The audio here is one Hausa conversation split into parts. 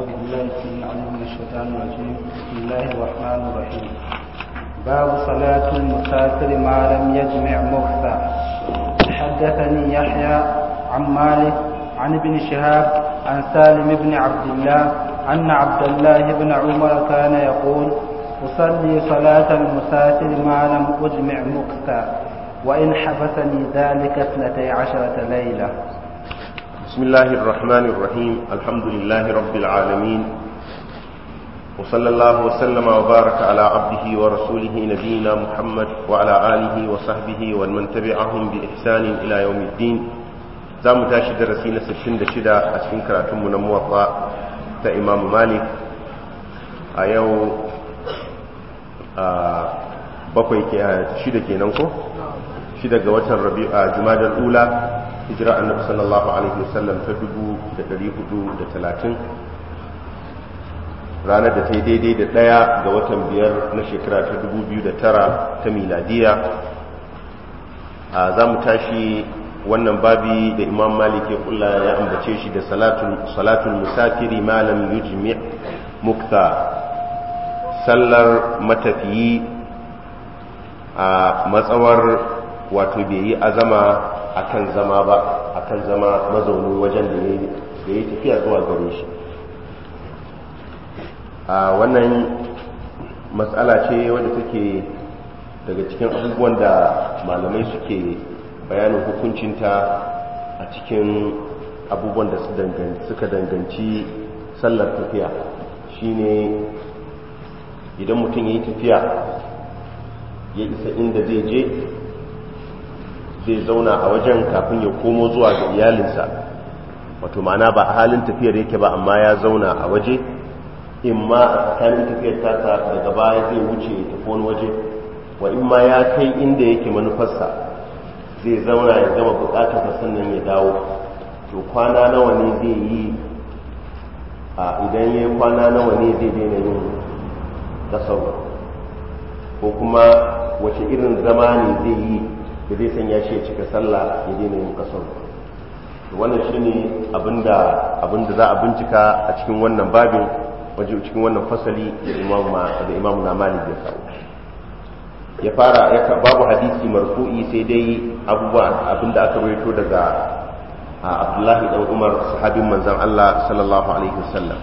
أعوذ بالله السميع العليم من الشيطان الرجيم بسم الله الرحمن الرحيم باب صلاة المسافر ما لم يجمع مغفى حدثني يحيى عن مالك عن ابن شهاب عن سالم بن عبد الله أن عبد الله بن عمر كان يقول أصلي صلاة المسافر ما لم أجمع مغفى وإن حبسني ذلك اثنتي عشرة ليلة بسم الله الرحمن الرحيم الحمد لله رب العالمين وصلى الله وسلم وبارك على عبده ورسوله نبينا محمد وعلى آله وصحبه ومن تبعهم بإحسان إلى يوم الدين za mu tashi darasi na 66 a cikin karatunmu na muwatsa ta imamu malik a yau a bakwai shida kenan ko shida ga watan rabi'a jumadar ula hijira annabi sallallahu alaihi wasallam ta dubu da ɗari hudu da talatin ranar da ta yi daidai da ɗaya ga watan biyar na shekara ta dubu biyu da tara ta miladiya a za mu tashi wannan Babu da imam malik ya kula ya ambace shi da salatul musafiri malam yujmi mukta sallar matafiyi a matsawar wato bai yi azama akan zama ba akan zama mazaunin wajen da ya da ya tafiya zuwa gare shi a wannan matsala ce wadda take daga cikin abubuwan da malamai suke bayanin hukuncinta a cikin abubuwan da suka danganci sallar tafiya shine idan mutum ya yi tafiya ya isa inda zai je zai zauna a wajen kafin ya komo zuwa ga iyalinsa wato ma'ana ba a halin tafiyar yake ba amma ya zauna a waje in ma a tsakanin tafiyar tasa daga baya zai wuce ya tafi wani waje wa in ma ya kai inda yake manufarsa zai zauna ya gama bukatarsa sannan ya dawo to kwana nawa ne zai yi a idan ya yi kwana nawa ne zai daina yin tasawur ko kuma wace irin zama ne zai yi da zai sanya shi ya cika sallah ya daina yin kasar wannan shi ne abinda za a bincika a cikin wannan babin waje cikin wannan fasali da imam na malik ya kawo ya fara ya babu hadisi marfu'i sai dai abubuwa abinda aka rawaito daga Abdullahi dan Umar sahabin manzan Allah sallallahu alaihi wasallam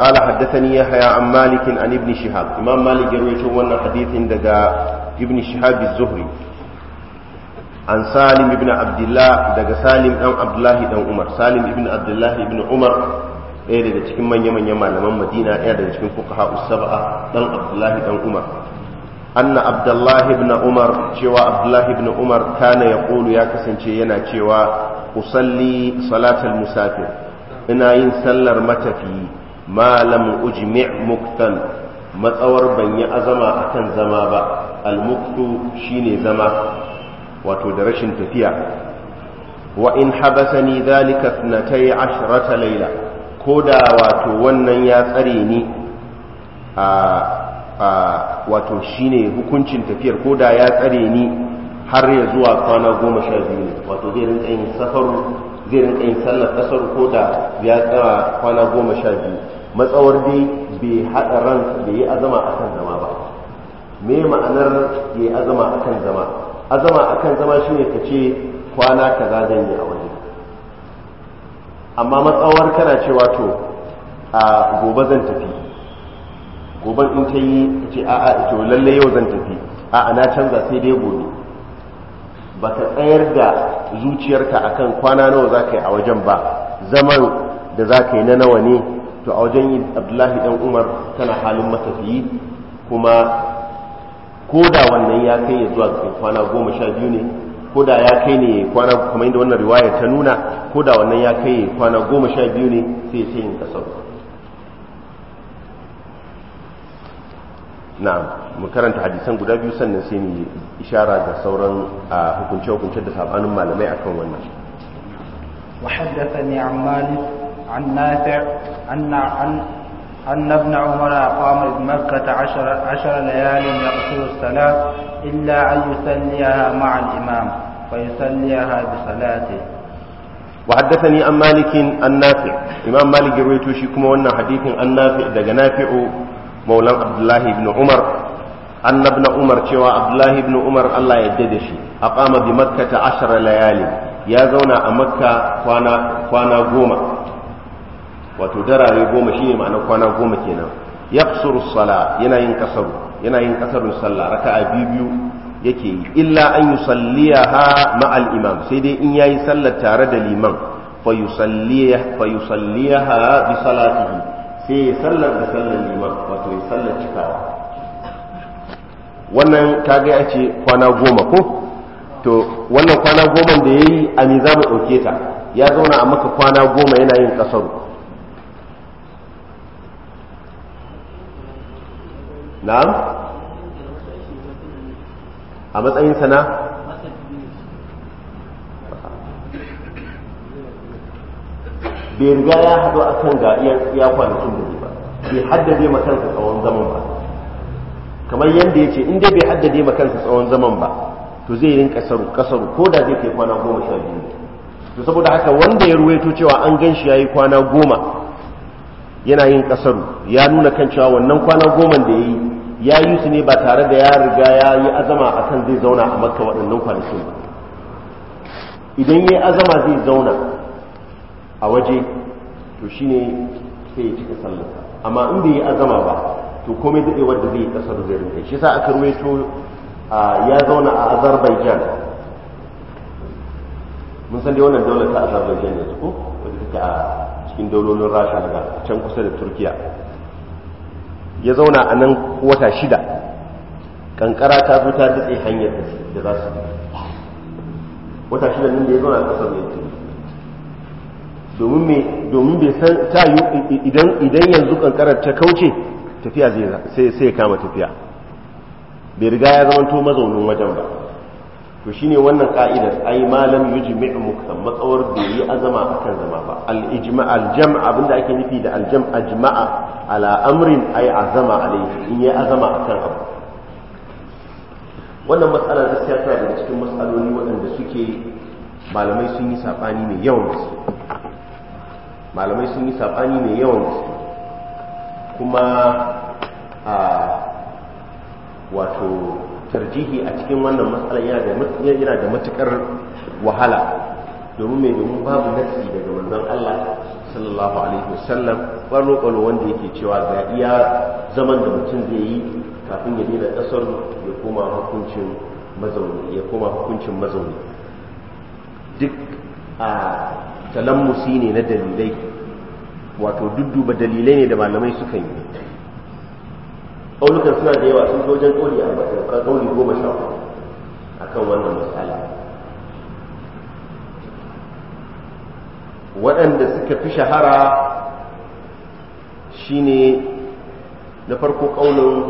قال حدثني يحيى عن مالك عن ابن شهاب إمام مالك يروي وانا حديث دقا ابن شهاب الزهري عن سالم بن عبد الله دقا سالم أو عبد الله بن عمر سالم بن عبد الله بن عمر ɗaya daga cikin manya-manyan malaman madina ɗaya daga cikin fuqaha usaba'a dan abdullahi dan umar anna abdullahi ibn umar cewa abdullahi ibn umar kana ya ya kasance yana cewa usalli salatal musafir ina yin sallar matafiyi malam ujmi' muktan matsawar ban yi azama akan zama ba almuktu shine zama wato da rashin tafiya wa in habasani dhalika snatai ashrata layla ko da wato wannan ya tsare ni a a wato shine hukuncin tafiyar ko da ya tsare ni har ya zuwa kwana goma sha biyu ne wato zai rinka yin safaru zai rinka yin sallar ƙasar ko da ya tsara kwana goma sha biyu matsawar dai bai haɗa ran bai yi azama a kan zama ba me ma'anar ya yi azama a kan zama azama a kan zama shi ne ka ce kwana kaza zan yi a waje amma matsawar kana cewa to a gobe zan tafi gobe in ta yi ce a'a to lallai yau zan tafi a'a na canza sai dai gobe ba ka tsayar da zuciyarka akan kwana nawa za ka yi a wajen ba zaman da za ka yi na nawa ne to a wajen abdullahi dan umar tana halin matafiyi kuma ko da wannan ya kai ya zuwa ga kwana goma sha biyu ne ko da ya kai ne kwana kamar inda wannan riwaya ta nuna ko da wannan ya kai kwana goma sha biyu ne sai sai yin kasau na'am mu karanta hadisan guda biyu sannan sai mu ishara ga sauran a hukunce hukunce da sabanin malamai akan wannan wa haddathani amman an nafi' anna an anna ibn umar aqama bi makkah 10 10 layalin yaqulu salat illa an yusalliha ma'a al-imam fa yusalliha bi salati wa an malik an nafi' imam malik ya rawaito kuma wannan hadithin an nafi' daga nafi'u maulan abdullahi ibn umar anna ibn umar cewa abdullahi ibn umar Allah ya yarda da shi aqama bi makkata ashara layali ya zauna a makka kwana kwana goma wato darare goma shine ma'ana kwana goma kenan yaqsuru sala yana yin ƙasar yana yin kasarun sallah raka'a biyu biyu yake yi illa an yusalliyaha ma'al imam sai dai in ya yi sallar tare da liman fa yusalliyaha bi salatihi sai sallar da sallar liman wato ya sallar cikawa wannan kaga ya ce kwana goma ko to wannan kwana goma da ya yi a me za mu ɗauke ta ya zauna a maka kwana goma yana yin ƙasaru na a matsayin sana bai riga ya haɗu a kan ga ya kwanakin da ba bai haddade ma kansa tsawon zaman ba kamar yadda ya ce in dai bai haddade ma kansa tsawon zaman ba to zai yi kasaru kasaru ko da zai kai kwana goma sha biyu to saboda haka wanda ya ruwaito cewa an gan shi ya yi kwana goma yana yin kasaru ya nuna kan cewa wannan kwana goman da ya yi ya yi su ne ba tare da ya riga ya yi azama a kan zai zauna a makka waɗannan kwanakin ba idan ya yi azama zai zauna a waje to shine sai ya cika sallarsa amma in ya yi azama ba to komai daɗe wanda zai yi ƙasar zai rinka shi sa aka ruwaito ya zauna a azerbaijan mun san dai wannan daular ta azerbaijan yanzu ko wadda take a cikin daulolin rasha daga can kusa da turkiya ya zauna a nan wata shida kankara ta zo ta tsaye hanyar da za su wata shida nan da ya zauna a ƙasar ne domin me domin bai san ta yi idan idan yanzu kankarar ta kauce tafiya zai sai ya kama tafiya bai riga ya zama to mazaunin wajen ba to shine wannan ka'idar ai malam yujmi'u mukam matsawar bai yi azama akan zama ba al ijma al jam' abinda ake nufi da al jam' ajma'a ala amrin ai azama alayhi in ya azama akan abu wannan matsalar ta siyasa daga cikin matsaloli waɗanda suke malamai sun yi sabani mai yawan gaske malamai sun yi saɓani mai yawan gaske kuma a wato tarjihi a cikin wannan matsalar yana da matukar wahala domin mai domin babu nasi daga manzon Allah sallallahu alaihi wasallam wanda yake cewa ga iya zaman da mutum zai yi kafin ya daina ƙasar ya koma hukuncin mazauni ya koma hukuncin mazauni duk a talammusi ne na dalilai wato dudduba dalilai ne da malamai suka yi ƙaunukan suna da yawa sun wajen ƙoli a ƙauli goma sha a kan wannan matsala waɗanda suka fi shahara shine na farko ƙaunin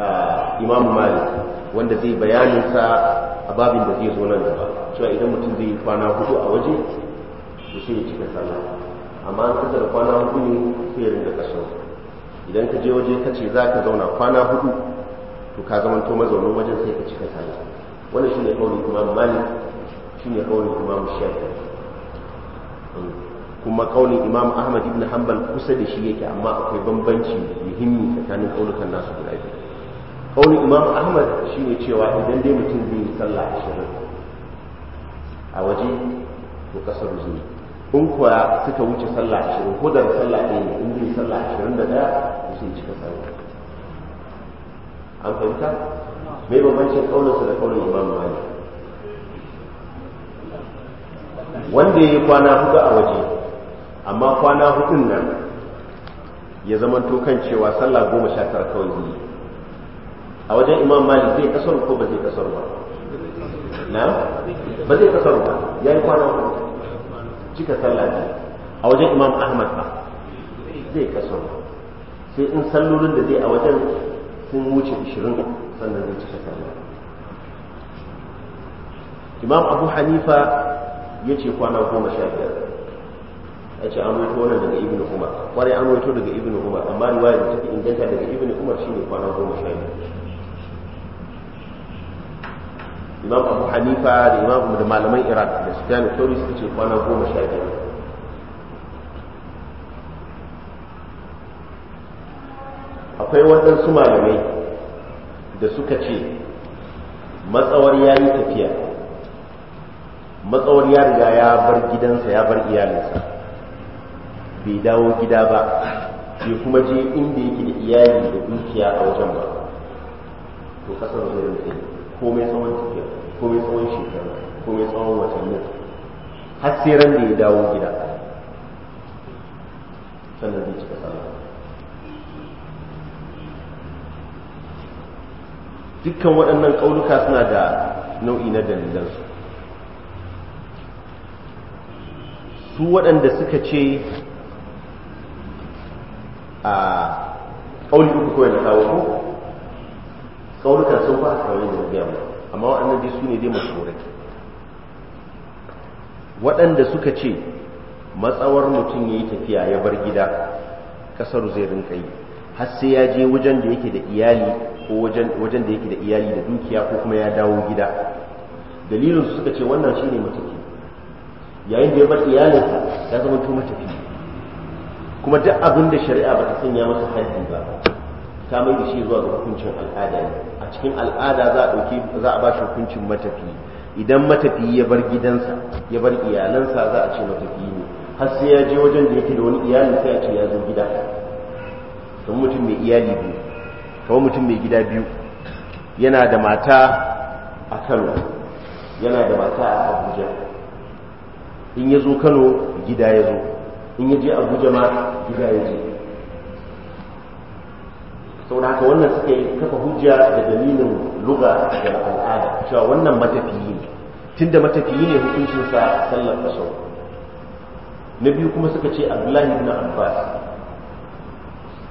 ah, imam malik wanda zai bayaninsa a babin da zai zo nan gaba cewa idan mutum zai yi kwana hudu a waje su sai ya cika sallah amma an kasar da kwana hudu ne sai ya ringa kasar idan ka je waje ka ce za ka zauna kwana hudu to ka zama to mazaunin wajen sai ka cika sallah wannan shine kaulin imam malik shine kaulin imam shafi kuma kaunin imam ahmad ibn hanbal kusa da shi yake amma akwai bambanci muhimmi tsakanin kaunukan nasu guda biyu kaunin imam ahmad shine cewa idan dai mutum zai yi sallah ashirin a waje ko kasar zuwa in kuwa suka wuce sallah ashirin ko da sallah ɗaya ne in zai sallah ashirin da ɗaya sai cika sallah an fahimta mai bambancin kaunarsa da kaulin imam malik wanda ya yi kwana hudu a waje amma kwana hudun nan ya zama tokan cewa sallah goma sha tara kawai zai a wajen imam malik zai kasar ko ba zai kasar ba na ba zai kasar ba ya yi kwana uku cika sallah ce a wajen imam ahmad ba zai kasar sai in sallolin da zai a wajen sun wuce 20 sannan zai cika sallah imam abu hanifa ya ce kwana goma sha biyar a ce an wato wannan daga ibn umar kwarai an wato daga ibn umar amma riwayar da take inganta daga ibn umar shine kwana goma sha biyar imam abu hanifa da imam da malaman iraq da sufyan thawri suka ce kwana goma sha biyar akwai waɗansu malamai da suka ce matsawar ya yi tafiya matsawar ya riga ya bar gidansa ya bar iyalinsa bai dawo gida ba bai kuma je inda yake da iyali da dukiya a wajen ba to kasar zai rinka komai tsawon tafiya komai tsawon shekaru komai tsawon watanni har sai ran da ya dawo gida sannan zai cika sallah dukkan waɗannan ƙaunuka suna da nau'i na dalilansu su waɗanda suka ce a ƙauli uku kawai na kawo tsaunukan sun fa kamar yadda na gaya mu amma waɗannan dai su ne dai mashhurai waɗanda suka ce matsawar mutum ya yi tafiya ya bar gida ƙasar zai rinka yi har sai ya je wajen da yake da iyali ko wajen da yake da iyali da dukiya ko kuma ya dawo gida dalilin su suka ce wannan shi ne matafi yayin da ya bar iyalinsa ya zama to matafi kuma duk abin da shari'a ba ta sanya masa haddi ba ta mai da shi zuwa ga hukuncin al'ada ne a cikin al'ada za a ɗauki za a ba shi hukuncin matafiyi idan matafiyi ya bar gidansa ya bar iyalansa za a ce matafiyi ne har sai ya je wajen da yake da wani iyali sai a ce ya zo gida kamar mutum mai iyali biyu kamar mutum mai gida biyu yana da mata a kano yana da mata a abuja in ya zo kano gida ya zo in ya je abuja ma gida ya je da haka wannan suka yi kafa hujja da dalilin luga da al'ada cewa wannan matafiyi ne tunda matafiyi ne hukuncinsa sallar sau. na biyu kuma suka ce abdullahi ibn abbas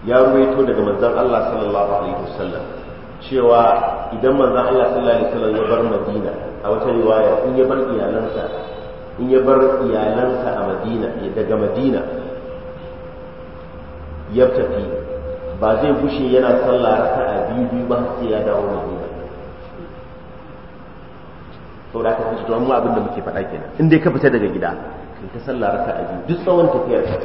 ya ruwaito daga manzon Allah sallallahu alaihi wasallam cewa idan manzon Allah sallallahu alaihi wasallam ya bar Madina a wata riwaya in ya bar iyalansa in ya bar iyalansa a Madina daga Madina ya tafi ba zai bushe yana sallah ta a biyu ba sai ya dawo Sau da aka fi shi mu abin da muke faɗa kenan in dai ka fita daga gida kai ta sallah raka a biyu duk tsawon tafiyar ka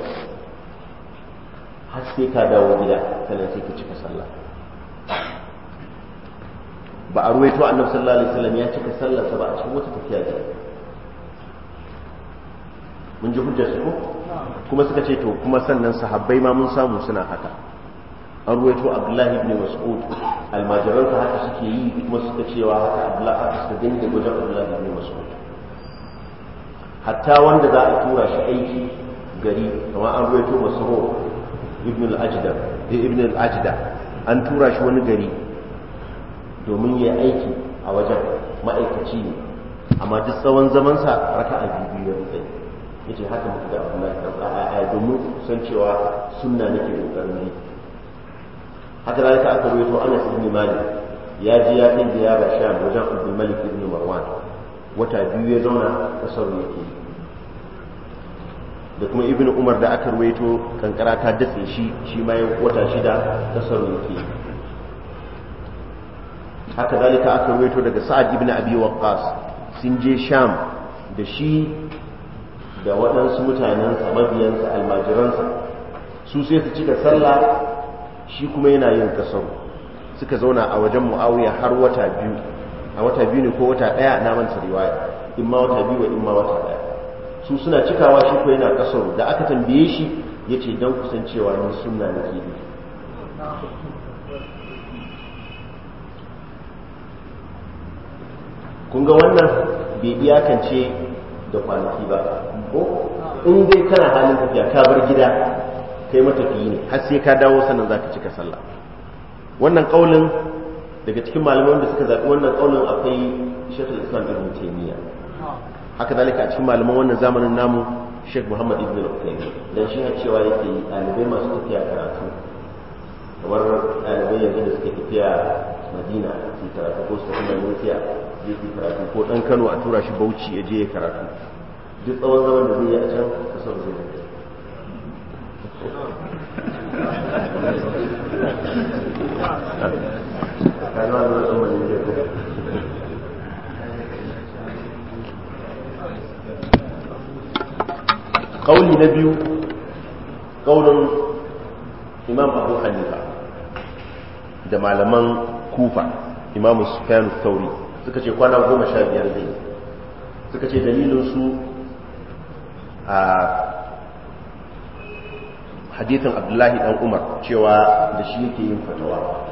har sai ka dawo gida sannan sai ka cika sallah ba a ruwaito annabi sallallahu alaihi wasallam ya cika sallar sa ba a cikin wata tafiya ce mun ji hujjar su ko kuma suka ce to kuma sannan sahabbai ma mun samu suna haka an ruwaito abdullahi ibn mas'ud almajiran ka haka suke yi kuma suka cewa haka abdullahi suka dinga wajen abdullahi ibn mas'ud hatta wanda za a tura shi aiki gari kama an ruwaito masro ibn al-ajda eh, ibn al-ajda an tura shi wani gari domin ya aiki a wajen ma'aikaci ne amma duk tsawon zamansa raka a bibiyu ya tsaye ya ce haka muka da abdullahi domin san cewa sunna nake kokarin yi haka zalika aka rawaito Anas ibn Malik ya ji ya kai yara Sham wajen abu Malik ibn Marwan wata biyu ya zauna kasar yake da kuma Ibn Umar da aka rawaito kankara ta datse shi shi ma ya wata shida kasar yake haka zalika aka rawaito daga Sa'ad ibn Abi Waqqas sun je Sham da shi da waɗansu mutanensa mabiyansa almajiransa su sai su cika sallah shi kuma yana yin kasar suka zauna a wajen mu'awiyar har wata biyu a wata biyu ne ko wata ɗaya na manta riwaya in ma wata biyu in ma wata ɗaya su suna cikawa shi ko yana kasar da aka tambaye shi ya ce don kusancewa ni suna na gidi kun ga wannan bai iyakance da kwanaki ba ko in dai kana halin tafiya ka bar gida kai matafiyi ne har sai ka dawo sannan za ka cika sallah wannan kaulin daga cikin malaman da suka zaɓi wannan kaulin akwai shekul islam ibn taymiya haka zalika a cikin malaman wannan zamanin namu shek muhammad ibn al-qayyim dan shi har cewa yake ɗalibai masu tafiya karatu kamar ɗalibai yanzu da suke tafiya madina su karatu ko su tafi malaysia zai fi karatu ko ɗan kano a tura shi bauchi ya je ya karatu duk tsawon zaman da zai yi a can kusan zai قولي نبي قول إمام أبو حنيفة جمال من كوفة إمام سفيان الثوري suka ce kwana goma sha biyar zai suka ce dalilin su a hadithin abdullahi dan umar cewa da shi yake yin fatawa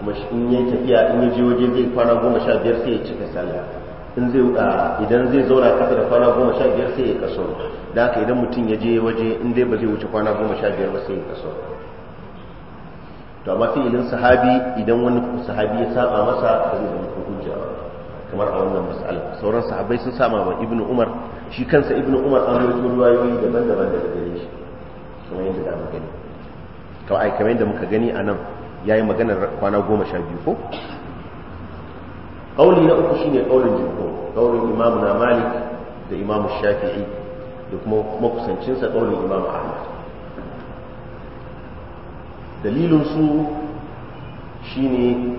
kuma shi in yake tafiya in je waje zai kwana goma sha biyar sai ya cika sallah in zai ah, idan zai zauna kasa da kwana goma sha biyar sai ya kaso da haka idan mutum ya je waje in dai ba zai wuce kwana goma sha biyar ba sai ya kaso to amma idan sahabi idan wani sahabi ya saba masa ba zai zama hujja kamar a wannan mas'ala sauran sahabbai sun sama wa ibnu umar shi kansa ibnu umar an rubuta riwayoyi daban-daban daga gare shi kamar yadda da muka gani to ai kamar yadda muka gani a nan ya yi maganar kwana goma sha biyu ko kauli na uku shine kaulin jumhur kaulin imamu na malik da imamu shafi'i da kuma makusancinsa ƙaunin imamu ahmad dalilinsu shine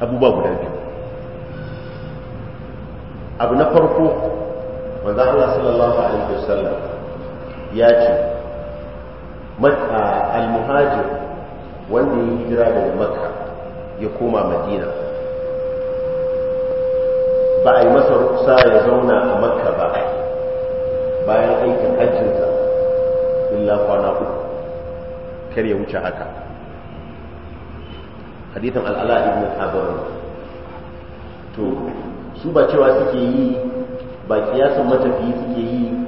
abubuwa guda biyu abu na farko wanda Allah sallallahu alaihi wasallam ya ce al-muhajir wanda ya hijira daga makka ya koma madina ba a yi masa rukusa ya zauna a makka ba bayan aikin hajjinsa illa kwana uku kar ya wuce haka hadithan al'ala ibn al to su ba cewa suke yi ba kiyasan matafiyi suke yi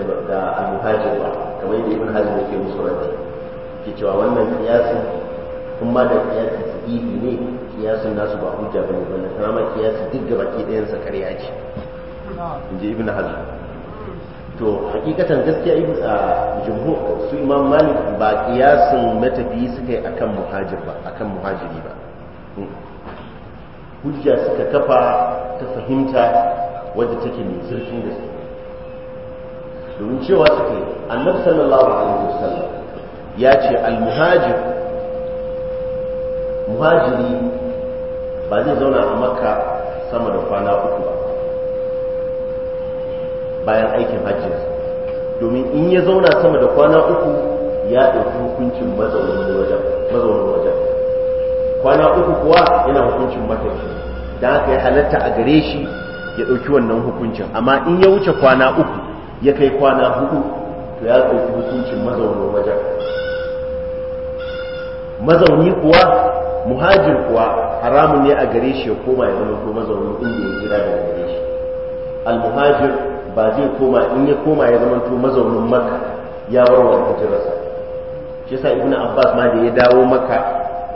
da abu hajjar ba kamar yadda ibn hajjar yake musu rabi ke cewa wannan kiyasin kun ma da kiyasin tsibi ne kiyasin nasu ba hujja ba ne wanda kuma kiyasin duk gaba ke ɗayansa karya ce in ji ibn hajjar to hakikatan gaskiya ibn a jumhur su imam malik ba kiyasin matafiyi suka yi akan muhajir ba akan muhajiri ba hmm. hujja suka kafa ta fahimta wadda take mai zurfin gaske domin cewa suke annabi sallallahu alaihi wasallam ya ce almuhajir muhajiri ba zai zauna a makka sama da kwana uku ba bayan aikin hajjin domin in ya zauna sama da kwana uku ya ɗauki hukuncin mazaunin wajen kwana uku kuwa yana hukuncin mataki, da haka ya halatta a gare shi ya ɗauki wannan hukuncin amma in ya wuce kwana uku ya kai kwana hudu to ya ɗauki mutuncin mazaunin wajen mazauni kuwa muhajir kuwa haramun ne a gare shi ya koma ya zama ko mazaunin inda ya jira daga gare shi almuhajir ba zai koma in ya koma ya zama to mazaunin maka ya da hijirarsa shi yasa ibnu abbas ma da ya dawo maka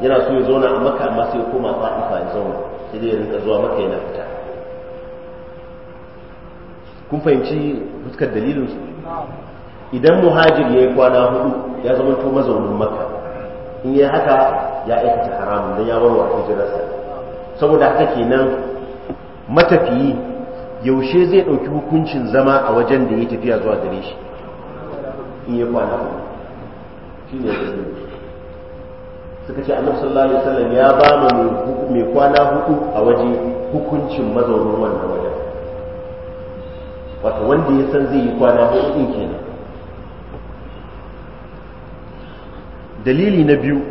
yana so ya zauna a maka amma sai ya koma fa'ifa ya zauna sai dai ya rinka zuwa maka yana fita kun fahimci fuskar dalilin su idan muhajir ya yi kwana hudu ya zama to mazaunin makka in yi haka ya aikata haramun don ya warware hijirarsa saboda haka kenan matafiyi yaushe zai ɗauki hukuncin zama a wajen da ya tafiya zuwa gare shi in ya kwana shi ne suka ce annabi sallallahu alaihi wasallam ya ba mu mai kwana hudu a waje hukuncin mazaunin wannan wato wanda ya san zai yi kwana hudu din kenan dalili na biyu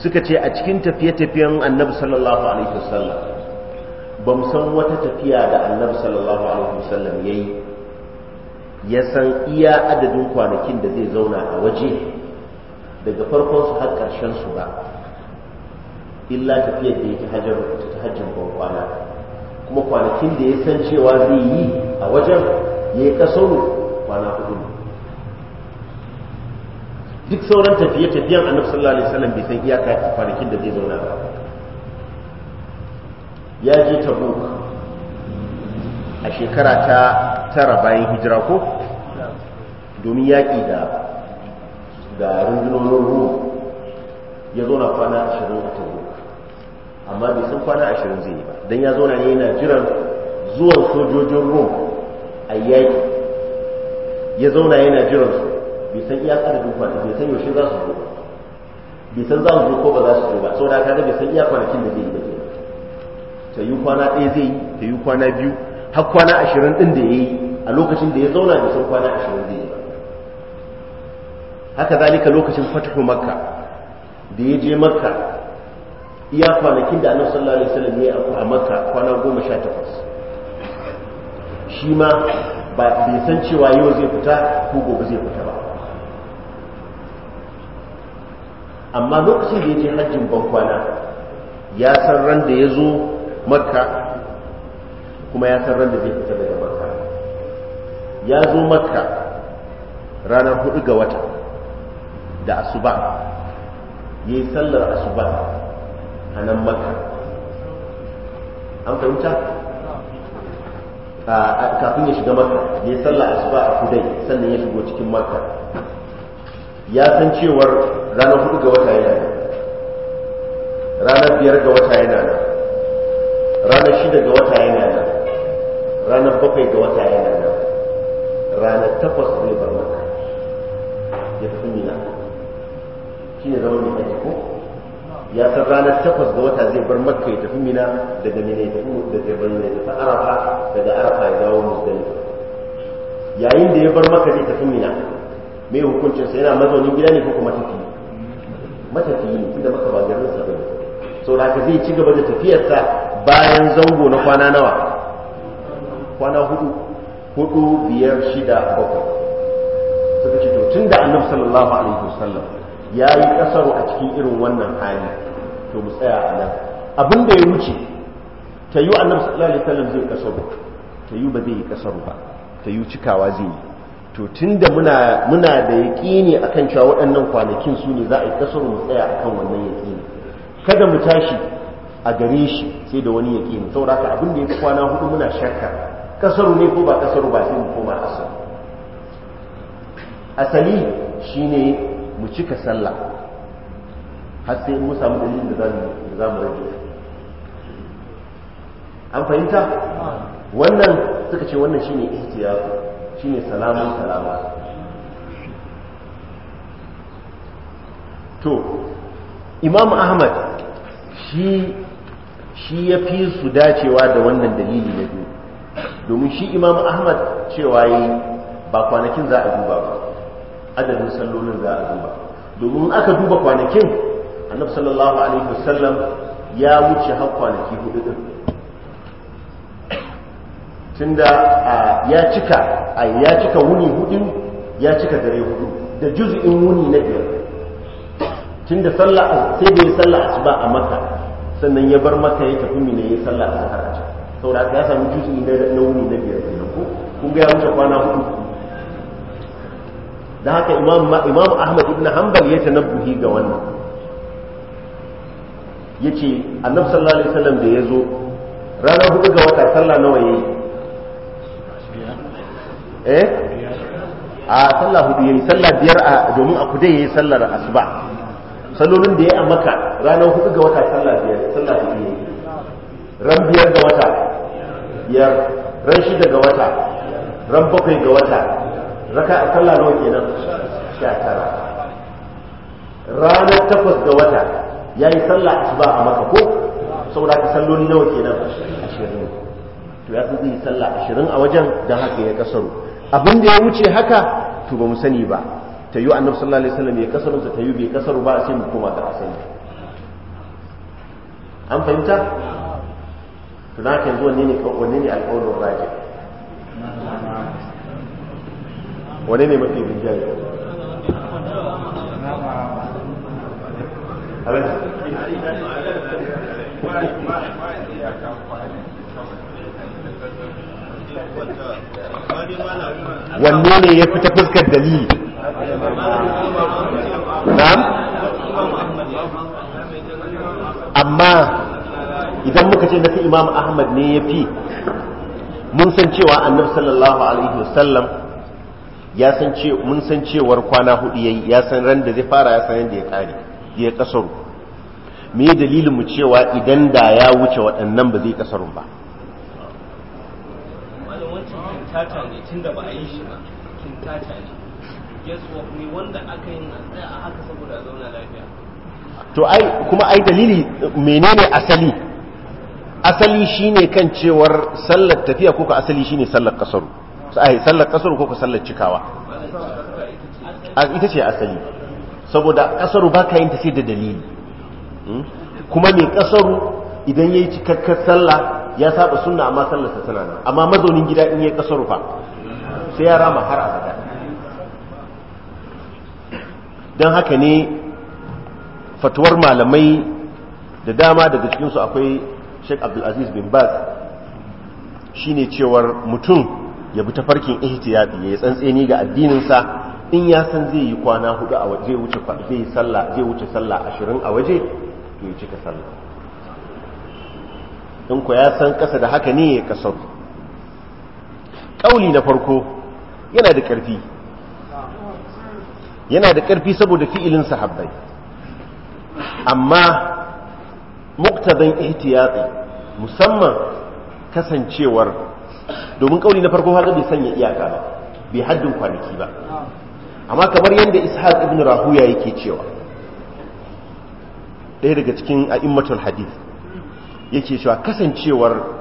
suka ce a cikin tafiye-tafiyen annabi sallallahu alaihi wasallam ba mu san wata tafiya da annabi sallallahu alaihi wasallam ya ya san iya adadin kwanakin da zai zauna a waje daga farkon su har karshen su ba illa tafiyar da yake hajjar ta hajjin kwana kuma kwanakin da ya san cewa zai yi a wajen ya yi kasoro kwana hudu ne duk sauran tafiye-tafiyen a sallallahu alaihi wasallam bai san iyaka kwanakin da zai zauna ba ya je tabuk a shekara ta tara bayan hijira ko domin yaƙi da da rundunonin ruwa ya zauna kwana ashirin a tabuk amma bai san kwana ashirin zai yi ba don ya zauna ne yana jiran zuwan sojojin rom a yaƙi ya zauna yana jiran su bai san iya adadin kwana bai san yaushe za su zo bai san za su zo ko ba za su zo ba sau da kaga bai san iya kwanakin da zai yi ba ke ta yi kwana ɗaya zai yi ta yi kwana biyu har kwana ashirin ɗin da ya yi a lokacin da ya zauna bai san kwana ashirin zai yi ba haka zalika lokacin fatahu makka da ya je makka iya kwanakin da annabi sallallahu alaihi wasallam ya yi a makka kwana goma sha takwas shi ma bai san cewa yau zai fita ko gobe zai fita ba amma lokacin da ya je hajjin bankwana ya san ran da ya zo makka kuma ya san ran da zai fita daga makka ya zo makka ranar hudu ga wata da asuba yayi sallar asuba a nan maka an fahimta kafin ya shiga maka ya yi sallah asuba a kudai sannan ya shigo cikin maka ya san cewar ranar hudu ga wata yana nan ranar biyar ga wata yana nan ranar shida ga wata yana nan ranar bakwai ga wata yana nan ranar takwas zai bar maka ya fi mina shi ne zama mai aiki ko ya san ranar takwas ga wata zai bar makka ya tafi mina daga mina ya tafi daga mina ya tafi arafa daga arafa ya dawo musdalifa yayin da ya bar makka zai tafi mina me hukuncin sa yana mazaunin gida ne ko kuma tafi matafiyi ne tunda maka ba garin sa bane saboda haka zai ci gaba da tafiyarsa bayan zango na kwana nawa kwana hudu hudu biyar shida bakwai suka ce to tunda annabi sallallahu alaihi wasallam ya yi kasaru a cikin irin wannan hali to mu tsaya a nan abin da ya wuce ta yi annabi sallallahu alaihi wasallam zai kasaru ta yi ba zai yi ba ta yi cikawa zai yi to tunda muna muna da yaƙini akan cewa waɗannan kwanakin su ne za a yi ƙasar mu tsaya akan wannan yaƙini kada mu tashi a gare shi sai da wani yaqini saboda haka abin da ya fi kwana hudu muna shakka ƙasar ne ko ba kasaru ba sai mu koma asali asali shine mu cika sallah har sai mun samu dalilin da za mu rage an fahimta wannan suka ce wannan shine ihtiyar shine salamun salama to imam ahmad shi shi ya fi su dacewa da wannan dalili na biyu domin shi imam ahmad cewa yi ba kwanakin za a duba ba adadin sallolin za a duba domin aka duba kwanakin annabi sallallahu alaihi wasallam ya wuce har kwanaki hudu din tunda ya cika ya cika wuni hudu ya cika dare hudu da juz'in wuni na biyar tunda sallah sai bai ya sallah asuba a maka sannan ya bar maka ya tafi mina ya sallah a zahar a saboda ya samu juz'i na wuni na biyar kenan ko kun ga ya wuce kwana hudu da haka imam ahmad ibn hanbal ya tanabbuhi ga wannan yace annabi sallallahu alaihi wasallam da yazo ranar hudu ga wata sallah nawa yayi eh a sallah hudu yayi sallah biyar a domin a kudai yayi sallar asuba sallolin da yayi a maka ranar hudu ga wata sallah biyar sallah hudu yi. ran biyar ga wata biyar ran shida ga wata ran bakwai ga wata raka a sallah nawa kenan sha tara ranar takwas ga wata ya yi sallah asuba a maka ko saboda ka salloli nawa kenan ashirin to ya san yi sallah ashirin a wajen don haka ya kasaru abin da ya wuce haka to ba mu sani ba ta yi annabi sallallahu alaihi wasallam ya kasaru ta yi bai kasaru ba sai mu koma ga asali an fahimta to na ka yanzu wanne ne wanne ne alƙawarin raje? wanne ne mafi jari? wanne ne ya fi ta fuskar dalili amma idan muka ce na fi imam ahmad ne ya fi mun san cewa annabi sallallahu alaihi wasallam ya san mun san cewar kwana hudu yayi ya san ran da zai fara ya san yadda ya kare ya kasaru me dalilin mu cewa idan da ya wuce waɗannan ba zai kasarun ba kintata ne tun da yi kintata ne ne wanda aka yi a haka saboda zauna lafiya to ai kuma ai dalili menene asali asali shine kan cewar sallar tafiya ko ka asali shine sallar kasaru sai sallar kasaru ko ka sallar cikawa ita ce asali saboda kasaru ba ka yin ta sai da dalili hmm? kuma mai kasaru idan ya yi cikakkar sallah ya saba sunna amma sallarsa tana nan amma mazaunin gida in ya kasaru fa sai ya rama har abada don haka ne fatuwar malamai da dama daga cikinsu akwai sheikh abdulaziz bin baz shine cewar mutum ya bi ta farkin ihtiyadi ya tsantseni ga addininsa in ya san zai yi kwana hudu a waje wuce zai zai wuce sallah ashirin a waje to ya cika sallah in ku ya san kasa da haka ne ya kasar kauli na farko yana da karfi yana da karfi saboda fi'ilin sahabbai amma muktadan ihtiyati musamman kasancewar domin kauli na farko haka bai sanya iyaka ba bai haddin kwanaki ba amma kamar yadda ishaq ibn rahuya yake cewa ɗaya daga cikin a'immatul hadith yake cewa kasancewar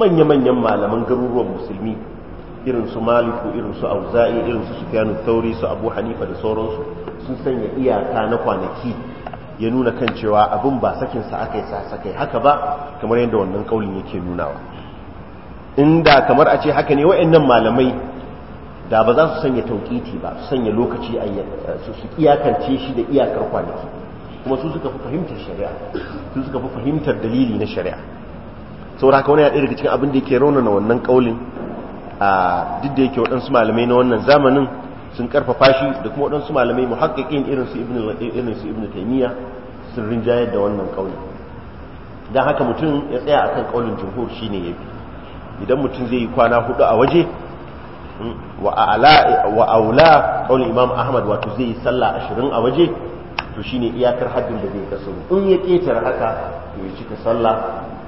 manya-manyan malaman garuruwan musulmi irin su maliku irin su auza'i irin su sufyanu tauri su abu hanifa da sauransu sun sanya iyaka na kwanaki ya nuna kan cewa abin ba sakinsa aka yi sasakai haka ba kamar yadda wannan kaulin yake nunawa inda kamar a ce haka ne wa'annan malamai da ba za su sanya tauƙiti ba su sanya lokaci eh, su iyakance shi da iyakar kwanaki kuma su suka fi fahimtar shari'a su suka fi fahimtar dalili na shari'a saboda haka wani ya daga cikin abin da yake raunana wannan kaulin a duk da yake waɗansu malamai na wannan zamanin sun karfafa shi da kuma waɗansu malamai mu irin su ibnu irin su ibn taymiya sun rinjayar da wannan kaulin dan haka mutum ya tsaya akan kaulin jumhur shine yafi idan mutum zai yi kwana hudu a waje Hmm? wa aula ƙaunin imam ahmad wato zai yi sallah ashirin a waje to shine iyakar haddin da zai kaso. in ya ketare haka to ya cika sallah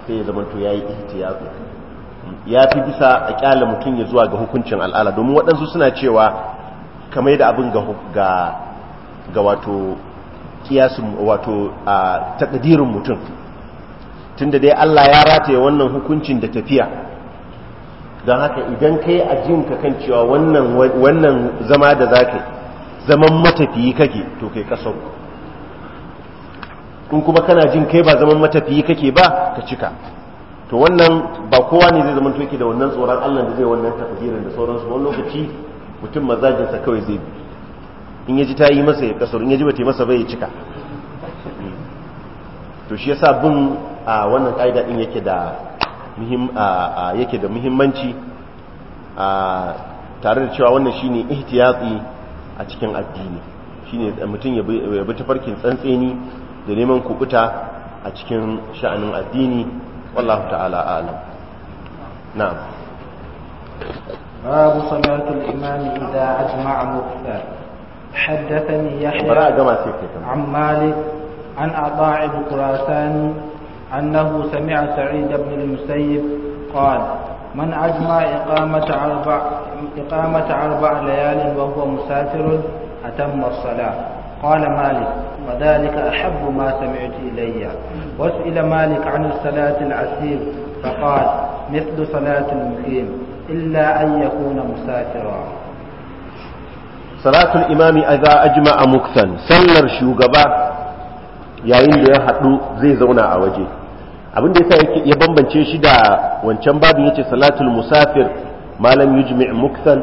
sai ya zama to ya yayi ihtiyabi hmm? ya fi bisa a ƙyale mutum ya zuwa ga hukuncin al'ala domin waɗansu suna cewa kamar da abin ga wato kiyasin wato a takdirin mutum tunda dai Allah ya rataye wannan hukuncin da tafiya don haka idan ka yi ajinka kan cewa wannan zama da za ka zaman matafiyi kake to kai kasar in kuma kana jin kai ba zaman matafiyi kake ba ka cika to wannan ba kowa ne zai zama toki da wannan tsoron allah da zai wannan tafajirin da sauransu wani lokaci mutum mazajinsa kawai zai bi in ya ji ta yi masa ya kasar in ya ji ba ta yi masa bai ya cika to shi yasa bin a wannan ƙa'ida din yake da yake da muhimmanci a tare da cewa wannan shine ihtiyatsi a cikin addini shine mutum ya bi tafarkin tsantseni da neman kubuta a cikin sha'anin addini wallahu ta'ala a'lam na'am babu salatul imami idza ajma'a muqtar حدثني يحيى عن مالك عن عطاء بن خراسان أنه سمع سعيد بن المسيب قال من أجمع إقامة أربع, إقامة أربع ليال وهو مسافر أتم الصلاة قال مالك وذلك أحب ما سمعت إلي واسئل مالك عن الصلاة العسير فقال مثل صلاة المقيم إلا أن يكون مسافرا صلاة الإمام إذا أجمع مكثا سلر شوغبا yayin da ya haɗu zai zauna a waje abin da yasa ya bambance shi da wancan babin yace salatul musafir malam yujmi' Muksan,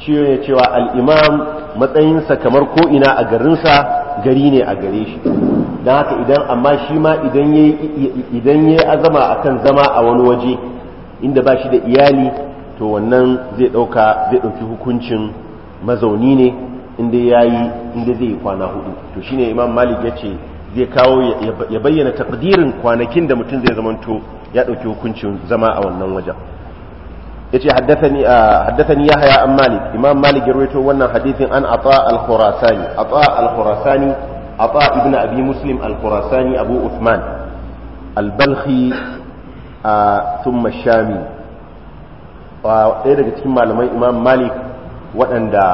shi ne cewa al-imam matsayinsa kamar ko ina a garinsa gari ne a gare shi don haka idan amma shi ma idan ya azama kan zama a wani waje inda ba shi da iyali to wannan zai ɗauka zai ɗauki hukuncin mazauni ne inda ya yi inda zai yi kwana hudu to shine imam malik ya ce zai kawo ya bayyana takdirin kwanakin da mutum zai zamanto ya ɗauki hukuncin zama a wannan wajen yace haddathani haddathani yahya an malik imam malik ya rawaito wannan hadithin an ata al-khurasani ata al-khurasani ata ibn abi muslim al-khurasani abu uthman al balhi thumma shami ɗaya daga cikin malamai imam malik waɗanda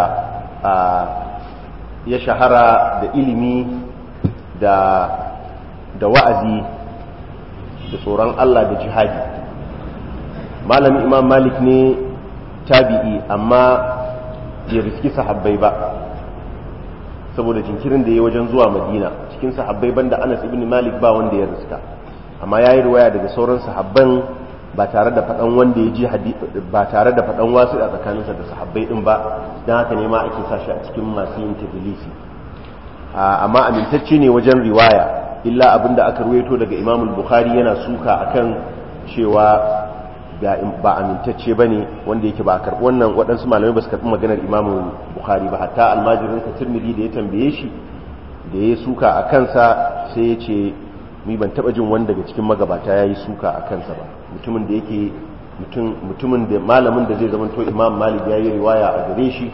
ya shahara da ilimi da wa'azi da tsoron Allah da jihadi malamin imam malik ne tabi'i amma bai riski sahabbai ba saboda jinkirin da ya wajen zuwa madina cikin sahabbai banda anas ibn malik ba wanda ya riska amma ya yi ruwaya daga sauran sahabban ba tare da faɗan wanda ya ji ba tare da faɗan wasu a tsakaninsa da sahabbai ɗin ba don haka ne ma ake sa shi a cikin masu yin tabilisi amma amintacce ne wajen riwaya illa abin da aka ruwaito daga imam bukhari yana suka akan cewa ba amintacce ba ne wanda yake ba a karɓi wannan waɗansu malamai ba su karɓi maganar imamun bukhari ba hatta almajirin ka tirmidhi da ya tambaye shi da ya suka a kansa sai ya ce ni ban taɓa jin wani daga cikin magabata ya yi suka a kansa ba mutumin da yake mutumin da malamin da zai zama to imam malik ya yi riwaya a gare shi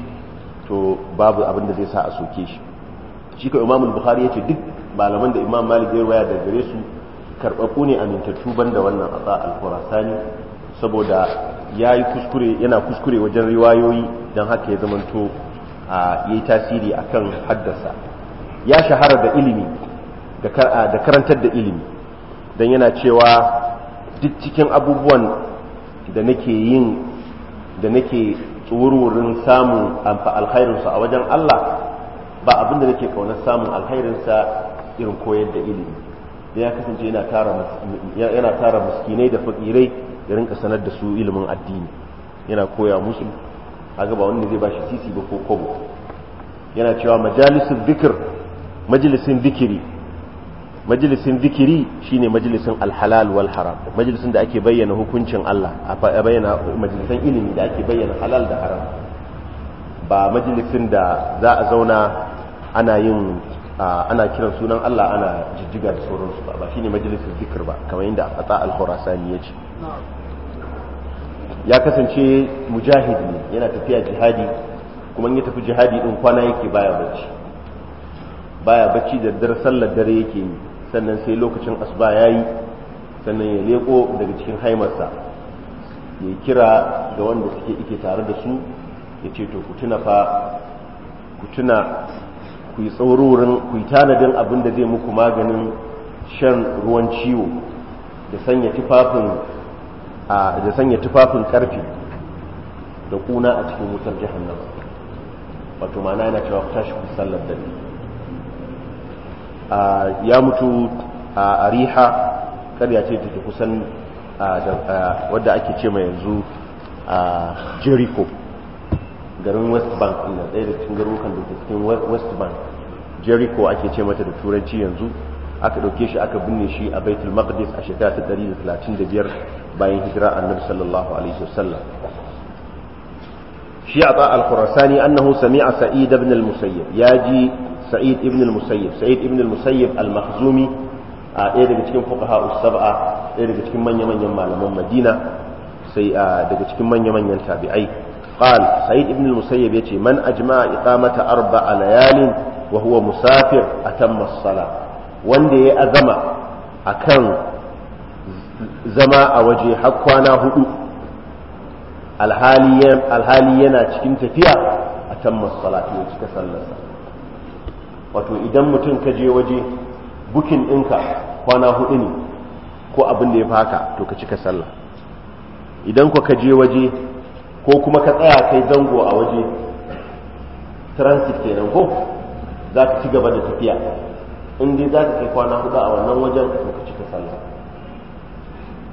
to babu abin da zai sa a soke shi shi ka imamul bukhari ce duk malaman da imam malik ya waya da gare su karɓaɓɓu ne amintattu ban da wannan asa al saboda ya yi kuskure yana kuskure wajen riwayoyi don haka ya zamanto a yi tasiri a kan haddasa ya shahara da ilimi da karantar da ilimi don yana cewa duk cikin abubuwan da nake yin da nake tsururin samun alkhairinsu a wajen Allah ba abin da nake kaunar samun alkhairinsa irin koyar da ilimi da ya kasance yana tara muskinai da fakirai da rinka sanar da su ilimin addini yana koya musu a gaba wanda zai bashi sisi ba ko kobo yana cewa majalisun bikir majalisun zikiri majalisun zikiri shine majalisun alhalal wal haram majalisun da ake bayyana hukuncin Allah a bayyana majalisun ilimi da ake bayyana halal da haram ba majalisun da za a zauna ana yin ana kiran sunan Allah ana jijjiga da sauransu ba shi shine majalisar zikir ba kamar yadda ata al-khurasani ya ce ya kasance mujahid ne yana tafiya jihadi kuma in ya tafi jihadi din kwana yake baya bacci baya bacci da dare sallar dare yake yi sannan sai lokacin asuba yayi sannan ya leko daga cikin haimarsa ya kira ga wanda suke ike tare da su ya ce to ku tuna fa ku tuna ku yi tsaurorin ku yi tanadin abin da zai muku maganin shan ruwan ciwo da sanya tufafin a da sanya karfe da kuna a cikin wutar nan, wato ma'ana yana cewa ta shi ku sallar dare ya mutu a ariha karya ce ta kusan wadda ake ce mai yanzu a jericho garin west bank na ɗaya da cikin garurukan da cikin west bank jericho ake ce mata da turanci yanzu aka ɗauke shi aka binne shi a baitul maqdis a shekara ta 135 bayan hijira annabi sallallahu alaihi wasallam shi a al-khurasani annahu sami'a sa'id ibn al-musayyib yaji sa'id ibn al-musayyib sa'id ibn al-musayyib al-makhzumi a ɗaya daga cikin fuqaha us-sab'a ɗaya daga cikin manya-manyan malaman madina sai daga cikin manya-manyan tabi'ai قال سعيد بن المسيب يتي من أجمع إقامة أربع ليال وهو مسافر أتم الصلاة وندي أذما أكن زما أوجي حقوانا هدو alhali yana cikin tafiya أتم الصلاة masalatu ya wato idan mutum ka je waje bukin ɗinka kwana hudu ne ko abin da ya fi to ka cika sallah idan ku ka je waje ko kuma ka tsaya kai zango a waje transit kenan ko za ka ci gaba da tafiya in dai za ka kai kwana hudu a wannan wajen to ka cika sallah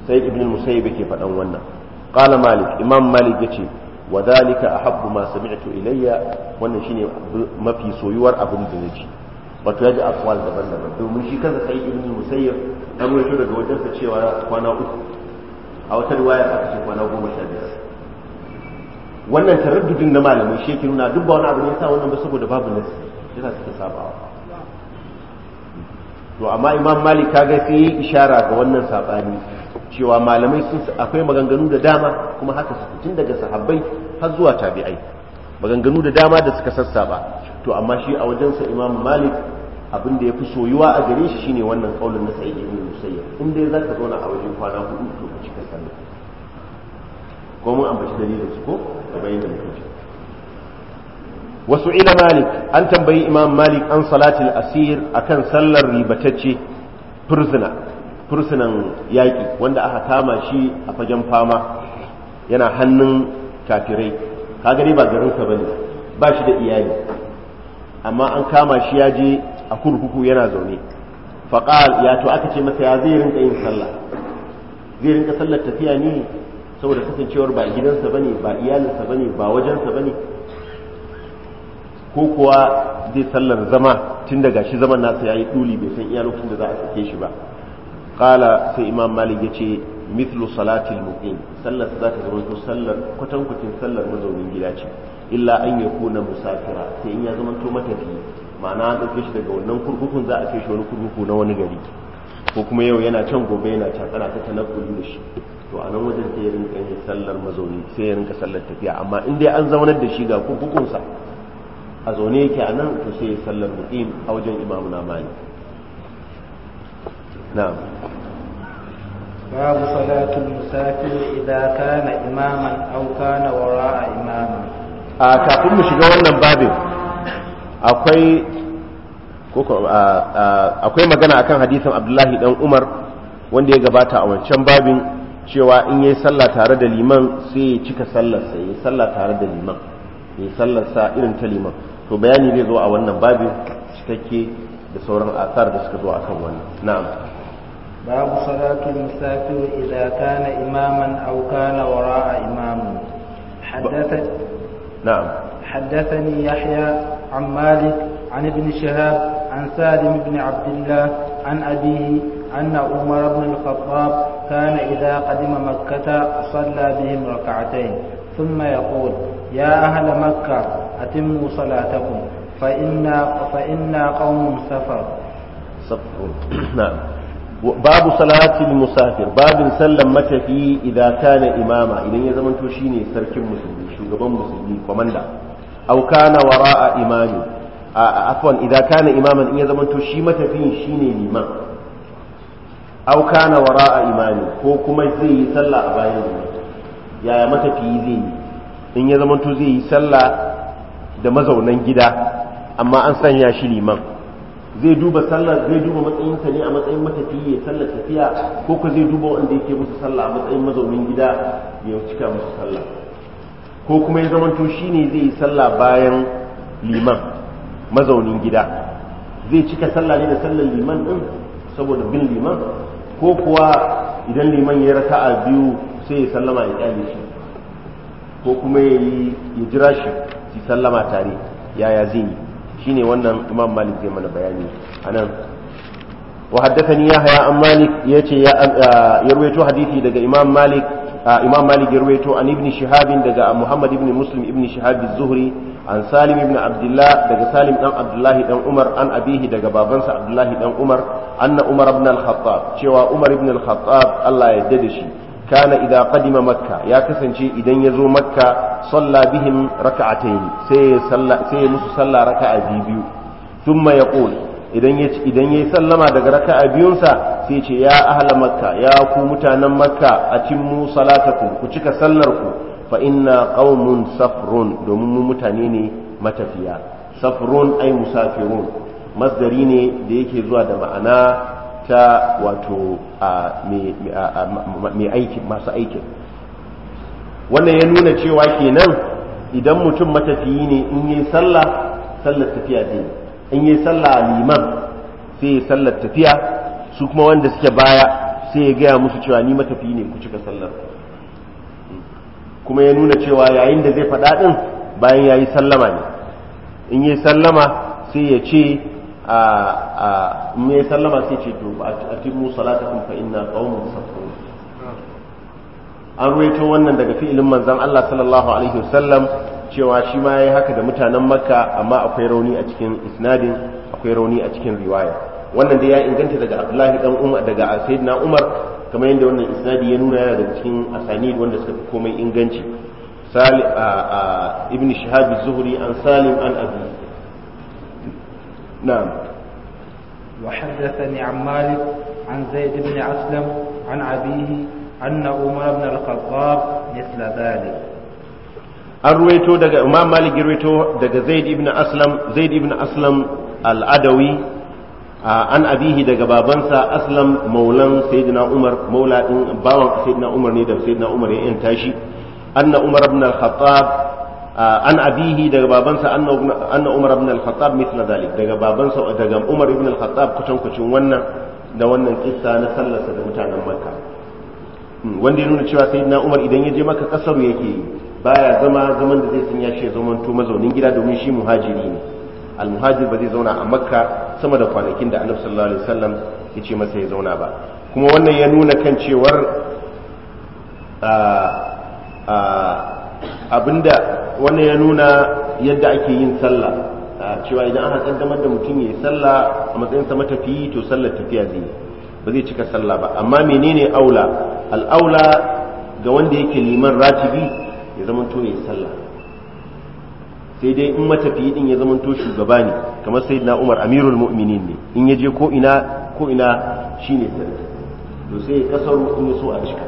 sai ibn musayyib yake faɗan wannan qala malik imam malik yace wa dhalika ahabbu ma sami'tu ilayya wannan shine mafi soyuwar abin da naji wato yaji akwal daban-daban domin shi kansa sai ibn musayyib an wato daga wajensa cewa kwana uku a wata riwaya aka ce kwana goma sha biyar wannan taraddudin na malamai shi nuna duk ba wani abu ne yasa wannan ba saboda babu nasi yana suka sabawa to amma imam malik kaga sai ishara ga wannan sabani cewa malamai sun akwai maganganu da dama kuma haka su tun daga sahabbai har zuwa tabi'ai maganganu da dama da suka sassaba to amma shi a wajensa imam malik abin da ya fi soyuwa a gare shi shine wannan kaulin na sa'i ibn musayyib in dai zaka zauna a wajen kwana hudu to ka cika sallah ko mun ambaci dalilin su ko wasu ila malik an tambayi imam malik an salatil asir akan sallar ribatacce fursuna fursunan yaƙi wanda aka kama shi a fagen fama yana hannun kafirai kaga dai ba garinsa bane ba shi da iyali amma an kama shi ya je a kurkuku yana zaune faqal ya to aka ce masa ya zai rinka yin sallah zai rinka sallar tafiya ne saboda kasancewar ba gidansa ba ne ba iyalinsa ba ne ba wajensa ba ne ko kuwa zai sallar zama tun daga shi zaman nasa yi ɗuli bai san iya lokacin da za a sake shi ba kala sai imam malik ya mithlu salatil al sallar za ta zama sallar kwatan sallar mazaunin gida ce illa an yakuna musafira sai in ya zama to matafi ma'ana an ɗauke shi daga wannan kurkukun za a kai shi wani kurkuku na wani gari ko kuma yau yana can gobe yana can ana ta tanakuli da shi to a nan wajen sai ya rinka yin sallar mazauni sai ya rinka sallar tafiya amma in dai an zaunar da shi ga kurkukunsa a zaune yake a nan to sai ya sallar muqim a wajen imamu na mali na'am babu salatul musafir idan kana imaman aw kana wara'a imaman a kafin mu shiga wannan babin akwai akwai magana akan hadisin Abdullahi dan Umar wanda ya gabata a wancan babin cewa in yi sallah tare da liman sai ya cika sallarsa yi sallah tare da liman yi sallarsa irin ta liman to bayani zai zo a wannan babin cikakke da sauran asar da suka zo a kan wannan na'am babu salatul musafir idan kana imaman aw kana wara'a imam haddatha na'am haddathani yahya an malik an ابن شهاب an سالم بن عبد an عن أن عمر بن الخطاب كان إذا قدم مكة صلى بهم ركعتين ثم يقول يا أهل مكة أتموا صلاتكم فإنا, فإنا قوم سفر سفر نعم باب صلاة المسافر باب سلم متى فيه إذا كان إماما إذن يزمن توشيني المسلمين شو شغبان مسلمين كومندا أو كان وراء إمامي عفوا إذا كان إماما إن يزمن توشي متى في شيني الإمام aw kana wara'a imani ko kuma zai yi sallah a bayan liman yaya matafiyi zai yi in ya to zai yi sallah da mazaunan gida amma an sanya shi liman zai duba sallah zai duba matsayinsa ne a matsayin matafiyi ya sallar tafiya ko ko zai duba wanda yake musu sallah a matsayin mazaunin gida ya cika musu sallah ko kuma ya to shine zai yi sallah bayan liman mazaunin gida zai cika sallah ne da sallar liman din saboda bin liman ko kuwa idan liman ya a biyu sai ya sallama ya kyale shi ko kuma ya yi ya jira shi su sallama tare yaya zai yi ne wannan imam malik zai mana bayani a anan wa ya haya an malik ya ce ya yarwayo hadisi daga imam malik imam malik ya rawaito an ibn shihabin daga muhammad Ibni muslim ibn shihab zuhri an salim ibn abdullah daga salim dan abdullahi dan umar an abihi daga babansa abdullahi dan umar anna umar ibn al cewa umar ibn al Allah ya yarda da shi kana idza qadima makka ya kasance idan ya zo makka salla bihim raka'atayn sai sai musu salla raka'a biyu thumma yaqul idan ya idan yayi sallama daga raka'a biyunsa sai ce ya ahla makka ya ku mutanen makka a atimmu salatakum ku cika sallar ku fa inna qaumun safrun domin mu mutane ne matafiya safrun ay musafirun masdari ne da yake zuwa da ma'ana ta wato mai aikin masu aikin wannan ya nuna cewa kenan idan mutum matafiyi ne in yi sallah sallar tafiya zai in yi sallah liman sai ya sallar tafiya su kuma wanda suke baya sai ya gaya musu cewa ni matafi ne ku cika sallar kuma ya nuna cewa yayin da zai faɗa ɗin bayan ya yi sallama ne in yi sallama sai ya ce a in yi sallama sai ce to a salata kun fa inna qaumun safu an ruwaito wannan daga fi'ilin manzon Allah sallallahu alaihi wasallam cewa shi ma ya yi haka da mutanen makka amma akwai rauni a cikin isnadin akwai rauni a cikin riwaya wannan dai ya inganta daga abdullahi dan umar daga sayyidina umar kamar yadda wannan isnadi ya nuna yana daga cikin asanid wanda suka fi komai inganci ibn shahabi zuhri an salim an abi na'am an عن an zaid ibn aslam an عن anna umar ibn al-khattab mithla dhalik an ruwaito daga imam malik ruwaito daga zaid ibn aslam zaid ibn aslam al-adawi an abihi daga babansa aslam maulan sayyidina umar maula din bawan sayyidina umar ne da sayyidina umar ya yanta shi anna umar ibn al-khattab an abihi daga babansa anna umar ibn al-khattab mithla dalik daga babansa daga umar ibn al-khattab kucin wannan da wannan kissa na sallarsa da mutanen makka hmm, wanda ya nuna cewa sayyidina umar idan ya je maka kasaru yake yi baya zama zaman da zai sanya shi ya zamanto mazaunin gida domin shi muhajiri ne almuhajir ba zai zauna a makka sama da kwanakin da annabi sallallahu alaihi wasallam ya ce masa ya zauna ba kuma wannan ya nuna kan cewar abinda wannan ya nuna yadda ake yin sallah cewa idan aka kaddamar da mutum ya yi sallah a matsayin sa matafiyi to sallar tafiya zai ba zai cika sallah ba amma menene aula al aula ga wanda yake liman ratibi ya zama to ne sallah sai dai in matafiyi din ya zama to shugaba ne kamar sayyidina Umar Amirul Mu'minin ne in ya je ko ina ko ina shine sarki to sai ya kasaru in ya so a cika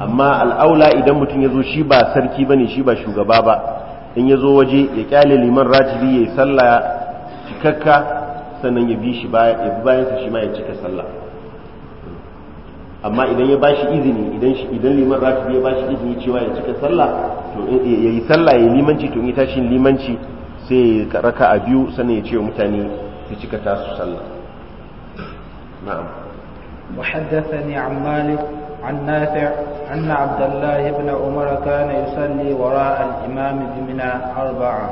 amma al'aula idan mutum ya zo shi ba sarki ne shi ba shugaba ba in ya zo waje ya kyale liman rajibi ya yi sallah cikakka sannan ya bi shi bayan sa shi ma ya cika sallah amma idan ya bashi izini idan shi idan liman ratibi ya bashi izini cewa ya cika sallah to eh, eh, ya yi sallah ya limanci to in ya tashi limanci sai ya raka a biyu sannan ya ce mutane su cika ta su sallah na'am وحدثني عن مالك عن نافع أن عبد الله بن عمر كان يصلي وراء الإمام بمنى أربعة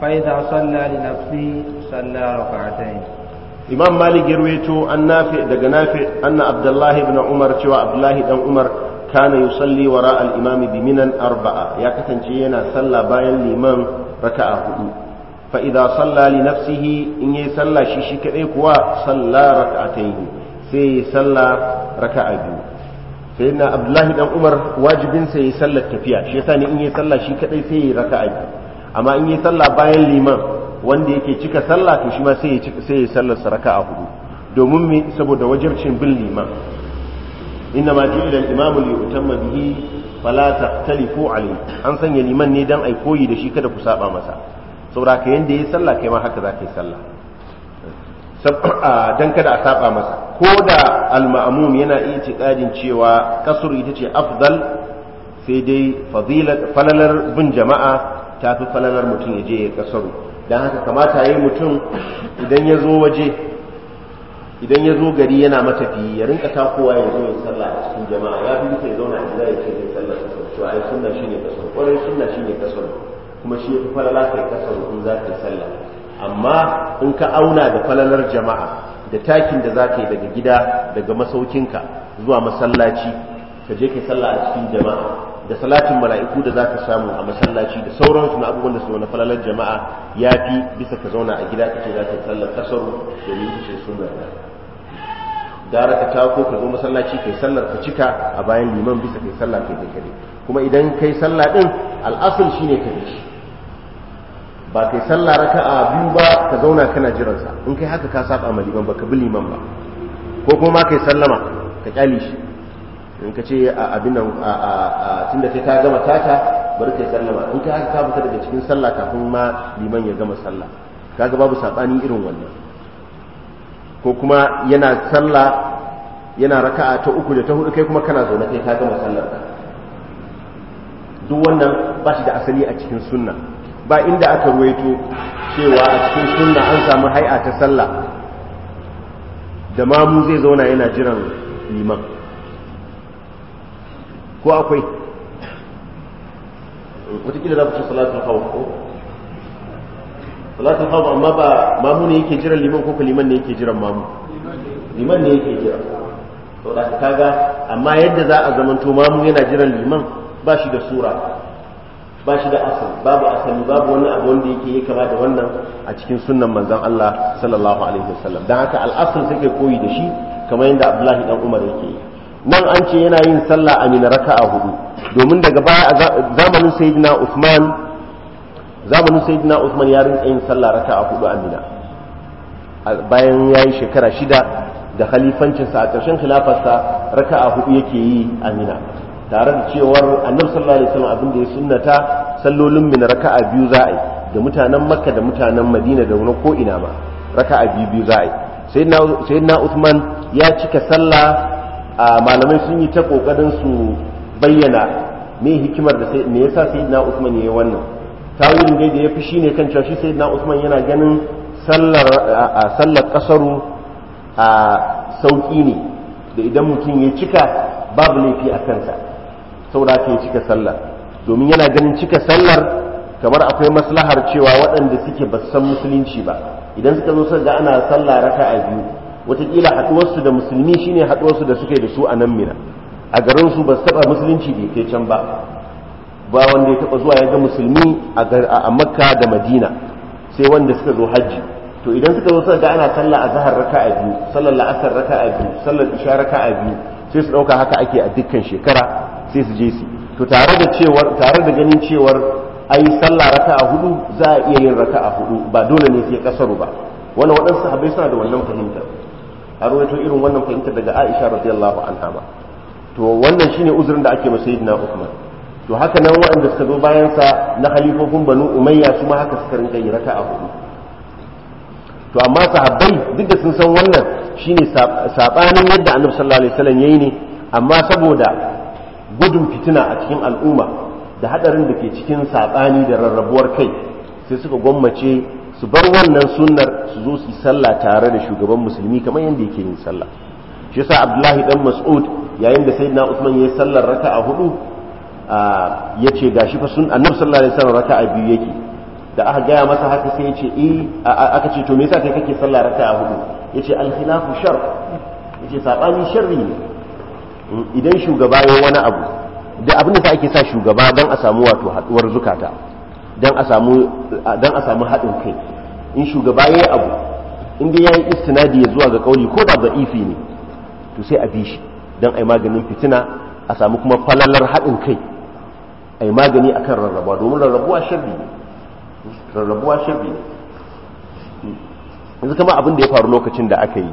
فإذا صلى لنفسه صلى ركعتين imam malik ya ruwaito an nafi daga nafi anna abdullahi ibn umar cewa abdullahi dan umar kana yusalli wara al imam bi minan arba'a ya kasance yana sallah bayan liman raka'a hudu fa idza salla li nafsihi in yayi sallah shi shi kadai kuwa salla raka'atayn sai ya salla raka'a biyu sai na abdullahi dan umar wajibin sai ya sallar tafiya shi yasa ne in yayi sallah shi kadai sai ya raka'a biyu amma in yayi sallah bayan liman wanda yake cika sallah to shi ma sai ya cika sai ya sallar saraka a hudu domin me saboda wajibcin bin liman inna ma jibila al-imamu li yutamma bihi fala taqtalifu alayhi an sanya liman ne dan ai koyi da shi kada ku saba masa saboda ka yanda yayi sallah kai ma haka za ka yi sallah dan kada a saba masa ko da al-ma'mum yana itiqadin cewa kasur ita ce afdal sai dai fadilat falalar bin jama'a tafi falalar mutum ya je ya kasaru don haka kamata yi mutum idan ya zo waje idan ya zo gari yana matafi ya rinka takowa ya zo ya sallah a cikin jama'a ya fi duka ya zauna a za ya ce zai sallah ta sau a ai sunna ne kasar kwarai sunna ne kasar kuma shi ya yafi falala yi kasar in za ka yi sallah amma in ka auna da falalar jama'a da takin da za ka yi daga gida daga masaukinka zuwa masallaci ka je ka sallah a cikin jama'a da salatin mala'iku da za ka samu a masallaci da sauransu na abubuwan da su na falalar jama'a ya fi bisa ka zauna a gida kace za ka sallar kasaru domin kace sunna gara ka tako ka zo masallaci kai sallar ka cika a bayan liman bisa kai sallah kai kai kare kuma idan kai sallah din al'asul shine ka shi ba kai sallah raka'a biyu ba ka zauna kana jiran sa in kai haka ka saba ma liman ba ka bi liman ba ko kuma kai sallama ka kyale shi in ka ce a abin nan tun da kai ka gama tata bari kai sallama in ka haka ka fita daga cikin sallah kafin ma liman ya gama sallah kaga babu sabani irin wannan ko kuma yana sallah yana raka'a ta uku da ta hudu kai kuma kana zaune kai ka gama sallar ka duk wannan ba shi da asali a cikin sunna ba inda aka ruwaito cewa a cikin sunna an samu hai'a ta sallah da mamu zai zauna yana jiran liman ko akwai wataƙila za ku ce salatun hawa ko salatun hawa amma ba mamu ne yake jiran liman ko ka liman ne yake jiran mamu liman ne yake jira to da kaga amma yadda za a zamanto mamu yana jiran liman ba shi da sura ba shi da asali babu asali babu wani abu wanda yake yi kama da wannan a cikin sunnan manzan Allah sallallahu alaihi wasallam dan haka al'asal sai kai koyi da shi kamar yadda Abdullahi dan Umar yake yi nan an ce yana yin sallah a mina a hudu domin daga baya zamanin sayyidina Uthman zamanin sayyidina Uthman ya rinka yin sallah a hudu a mina bayan ya yi shekara shida da khalifancinsa a ƙarshen khilafarsa a hudu yake yi a mina tare da cewar annabi sallallahu alaihi wasallam abin da ya sunnata sallolin raka a biyu za a yi da mutanen makka da mutanen madina da ko ina ma a biyu biyu za a yi sayyidina uthman ya cika sallah a malamai sun yi ta kokarin su bayyana me hikimar da me yasa sayyidina Usman yayi wannan tawilin dai da yafi shine kan cewa shi sayyidina Usman yana ganin sallar sallar kasaru a sauki ne da idan mutum ya cika babu laifi a kansa saboda ka ya cika sallar domin yana ganin cika sallar kamar akwai maslahar cewa waɗanda suke ba san musulunci ba idan suka zo suka ga ana sallah raka'a biyu watakila haɗuwarsu da musulmi shine haɗuwarsu da suke da su a nan mina a garin su ba su taɓa musulunci da ke can ba ba wanda ya taɓa zuwa ya ga musulmi a makka da madina sai wanda suka zo hajji to idan suka zo suka ga ana sallah a zahar raka a biyu sallar la'asar raka a biyu sallar isha raka a biyu sai su ɗauka haka ake a dukkan shekara sai su je su to tare da cewar tare da ganin cewar ai sallah raka a hudu za a iya yin raka a hudu ba dole ne sai kasaru ba wannan waɗansu sahabbai suna da wannan fahimtar a rawaito irin wannan fahimta daga Aisha radiyallahu anha ba to wannan shine uzurin da ake masa sayyidina Uthman to haka nan waɗanda suka zo bayan sa na halifofin Banu Umayya su ma haka suka rinka yirata a hudu to amma sahabbai duk da sun san wannan shine sabanin yadda Annabi sallallahu alaihi wasallam yayi ne amma saboda gudun fitina a cikin al'umma da hadarin da ke cikin sabani da rarrabuwar kai sai suka gwammace su bar wannan sunnar su zo su yi sallah tare da shugaban musulmi kamar yadda yake yin sallah shi yasa abdullahi dan mas'ud yayin da sayyidina usman ya sallar raka'a hudu ya ce gashi fa sun annabi sallallahu alaihi wasallam raka'a biyu yake da aka gaya masa haka sai ya ce eh aka ce to me yasa kai kake sallah raka'a hudu yace al khilafu shar yace sabani sharri ne idan shugaba ya wani abu da abin da sa ake sa shugaba don a samu wato haduwar zukata don a samu haɗin kai in shugaba ya yi abu in dai ya yi istinadi ya zuwa ga kauli ko da za'ifi ne to sai a bi shi don a yi maganin fitina a samu kuma falalar haɗin kai a yi magani a kan rarrabuwa domin rarrabuwa shirri ne rarrabuwa shirri ne yanzu kama abin da ya faru lokacin da aka yi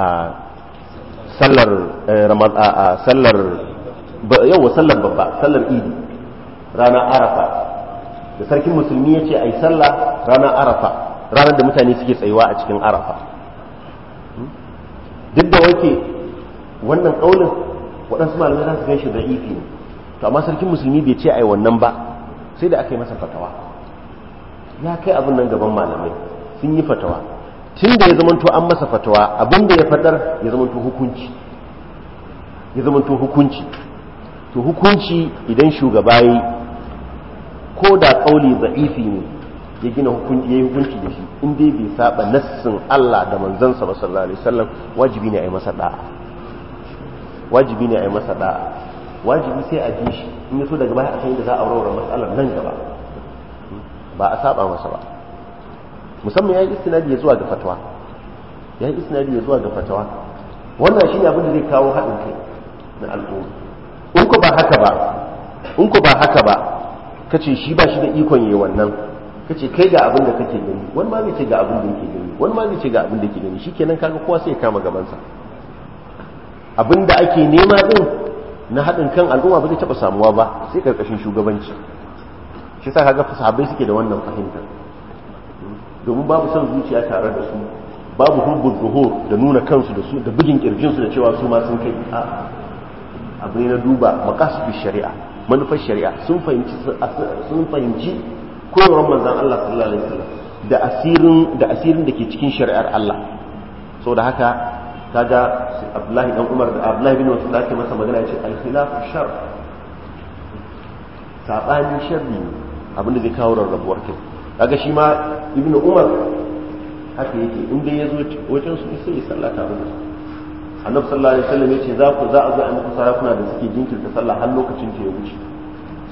a sallar eh, ramadana sallar yawa sallar babba sallar idi rana arafa da sarkin musulmi ya ce a yi sallah ranar arafa ranar da mutane suke tsayuwa a cikin arafa duk da wake wannan ƙaunin waɗansu malamai za su gaishe shi da ifi ne to amma sarkin musulmi bai ce a yi wannan ba sai da aka yi masa fatawa ya kai abin nan gaban malamai sun yi fatawa tun da ya zamanto an masa fatawa abin da ya fadar ya zamanto hukunci ya zamanto hukunci to hukunci idan shugaba ko da kauli za'ifi ne ya gina hukunci yi hukunci da shi in dai bai saba nassin Allah da manzansa sa sallallahu alaihi wasallam wajibi ne a yi masa da'a wajibi ne a yi masa da'a wajibi sai a ji shi in so daga baya a san yadda za a rawar matsalar nan gaba ba a saba masa ba musamman yi istinadi ya zuwa ga ya yi istinadi ya zuwa ga fatawa wannan shi ne abin da zai kawo haɗin kai na al'umma in ku ba haka ba in ku ba haka ba kace shi ba shi da ikon yi wannan kace kai ga abin da kake gani wani ma zai ce ga abin da yake gani wani ma zai ce ga abin da yake gani shi kenan kaga kowa sai ya kama gabansa abin da ake nema din na haɗin kan al'umma ba zai taɓa samuwa ba sai karkashin shugabanci shi sa kaga sahabbai suke da wannan fahimta domin babu son zuciya tare da su babu hubbul zuhur da nuna kansu da su da bugin su da cewa su ma sun kai a abu ne na duba maqasid shari'a manufar shari'a sun fahimci sun fahimci koyarwar manzon Allah sallallahu alaihi wasallam da asirin da asirin da ke cikin shari'ar Allah saboda haka kaga Abdullahi dan Umar da Abdullahi bin Mas'ud ake masa magana yace al-khilaf shar sabani sharri abinda zai kawo rarrabuwar kai kaga shi ma Ibn Umar haka yake in dai zo wajen su sai ya sallata abin annabi sallallahu alaihi wasallam yace za ku za a zo a muku kuna da suke jinkirta sallah har lokacin ta ya wuce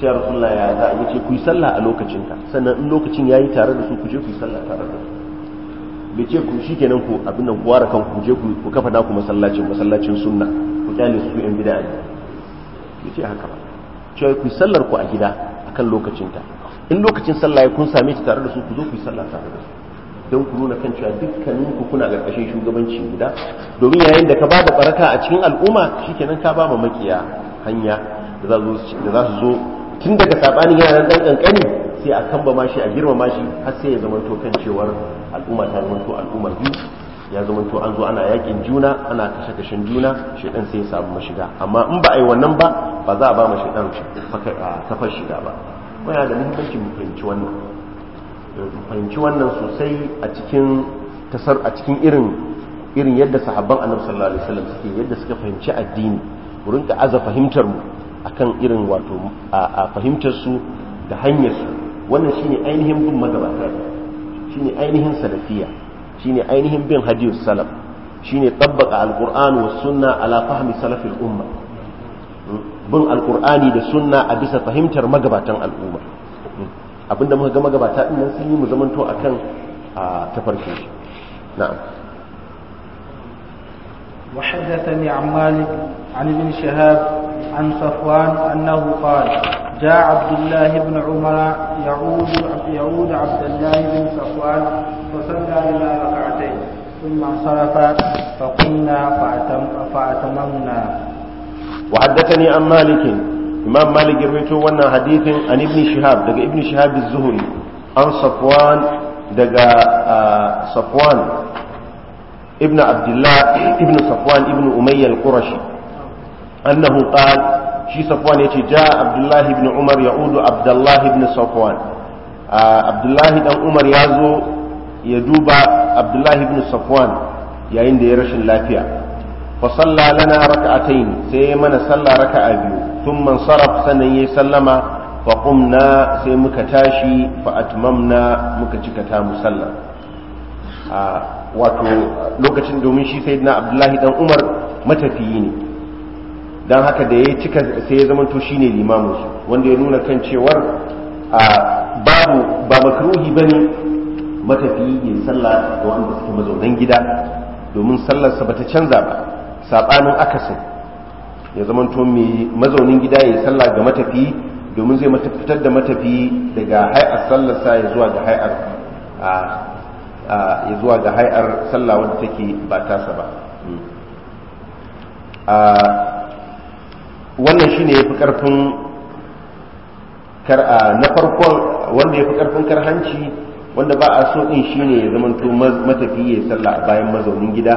sai rasulullahi ya za a yace ku yi sallah a lokacin ta sannan in lokacin yayi tare da su ku je ku yi sallah tare da su bai ce ku kenan ku abin nan ku ware kan ku je ku kafa naku masallacin masallacin sunna ku kyale su yan bid'a ne bai ce haka ba cewa ku yi sallar ku a gida akan lokacin ta in lokacin sallah ya kun same ta tare da su ku zo ku yi sallah tare da su don ku nuna kan cewa dukkanin ku kuna ƙarƙashin shugabanci guda domin yayin da ka ba da baraka a cikin al'umma shikenan ka ba ma makiya hanya da za su zo tun daga sabanin yana nan dan kankani sai a kamba ma shi a girmama shi har sai ya zamanto kan cewar al'umma ta zamanto al'ummar biyu ya zamanto an zo ana yakin juna ana kashe kashen juna shedan sai ya samu mashiga amma in ba a yi wannan ba ba za a ba ma ɗan kafar shiga ba wani da muhimmanci mu fahimci wannan fahimci wannan sosai a cikin tasar a cikin irin irin yadda sahabban annabi sallallahu alaihi wasallam suke yadda suka fahimci addini wurin ka aza fahimtar mu akan irin wato a fahimtar su da hanyar su wannan shine ainihin bin magabata shine ainihin salafiya shine ainihin bin hadiyus salaf shine tabbaka alqur'ani was sunna ala fahmi salafil umma bin alqur'ani da sunna a bisa fahimtar magabatan al'umma abinda muka gama gabata din nan sun yi mu zamanto akan a tafarkin shi na'am وحدثني عن مالك عن ابن شهاب عن صفوان أنه قال جاء عبد الله بن عمر يعود يعود عبد الله بن صفوان فصلى لنا ركعتين ثم انصرف فقمنا فأتم فأتممنا وحدثني عن مالك imam malik ya rawaito wannan hadithin an ibn shihab daga ibn shihab az-zuhri an safwan daga ah, safwan ibn abdullah ibn safwan ibn umayya al-qurashi annahu qala shi safwan yace ja abdullah ibn umar ya'udu abdullah ibn safwan ah, abdullah dan umar ya zo ya duba abdullah ibn safwan yayin da ya rashin lafiya fa salla lana raka'atayn sai mana salla raka'a biyu sun sarraf sannan ya sallama fa na sai muka tashi fa na muka cika ta musalla wato lokacin domin shi sai na abdullahi dan umar matafiyi ne don haka da ya cika sai ya zamanto shi ne limaminsu wanda ya nuna kan cewar babu ba makaruhi ba ne matafiyi ya sallah da wanda suke mazaunan gida domin sallarsa ba ta canza ba saɓanin akasin ya zamanto mai mazaunin gida ya yi sallah ga matafi domin zai fitar da matafi daga hai'ar sallarsa ya zuwa ga hai'ar ya zuwa ga hai'ar sallah wadda take ba tasa ba hmm. wannan shine yafi karfin na farkon wanda yafi karfin hanci. wanda ba a so din shine ya zamanto matafi ya a bayan mazaunin gida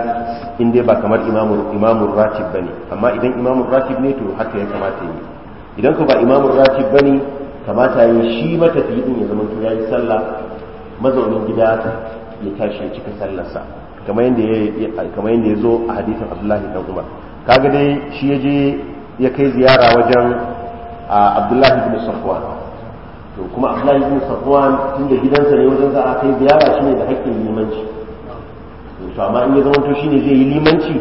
in dai ba kamar imamur imamur ratib bane amma idan imamur ratib ne to haka ya kamata yi idan ko ba imamur ratib bane kamata yi shi matafi din ya to yayi salla, mazaunin gida ya tashi ya cika sallarsa kamar yadda kamar yanda ya zo a hadisin Abdullahi dan Umar kaga dai shi ya je ya kai ziyara wajen Abdullahi bin Safwan to kuma Abdullahi ibn Safwan tun da gidansa ne wajen za a kai ziyara shine da haƙƙin limanci to amma in ya shi shine zai yi limanci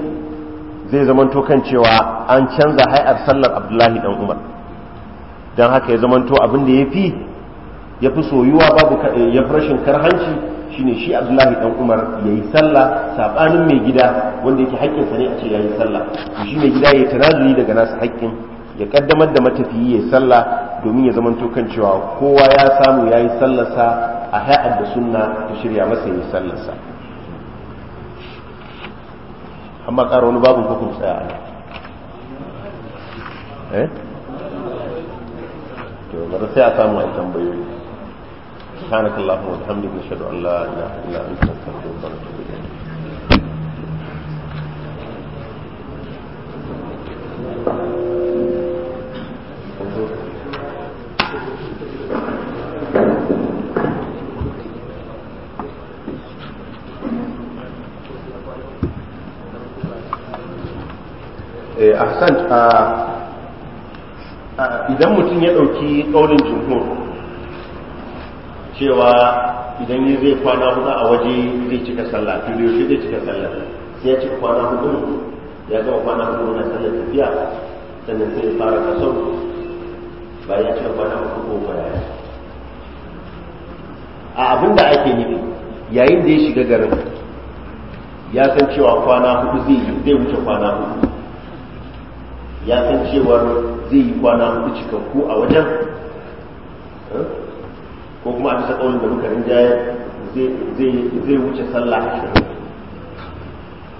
zai zamanto kan cewa an canza hay'ar sallar Abdullahi Ɗan Umar dan haka ya zamanto abin da ya yafi yafi soyuwa babu yafi rashin karhanci shine shi Abdullahi Ɗan Umar yayi sallah saɓanin mai gida wanda yake haƙƙinsa ne a ce yayi sallah shi mai gida yayi tanazuri daga nasu haƙƙin ya kaddamar da matafiyi ya sallah domin ya zamanto kan cewa kowa ya samu ya yi sallasa a hayar da sunna ta shirya masa ya yi sallarsa amma ƙara wani babu kun tsaya ana eh to bari sai a samu a tambayoyi سبحانك اللهم وبحمدك نشهد la ilaha illa anta astaghfiruka wa atubu Eh, ahsan ah, ah, idan mutum ya ɗauki ƙaunin jumhur cewa idan ya zai kwana hudu a waje zai cika sallah filiyo shi zai cika sallah sai ya cika kwana hudu ya gama kwana hudu na sallar tafiya sannan sai ya fara kaso ya cika kwana hudu ko baya a abin da ake nufi yayin da ya shiga garin ya san cewa kwana hudu zai zai wuce kwana hudu ya san cewar zai yi kwana hudu cikakku a wajen eh, ko kuma a bisa ƙaunin da muka rinjaye zai wuce sallah ashirin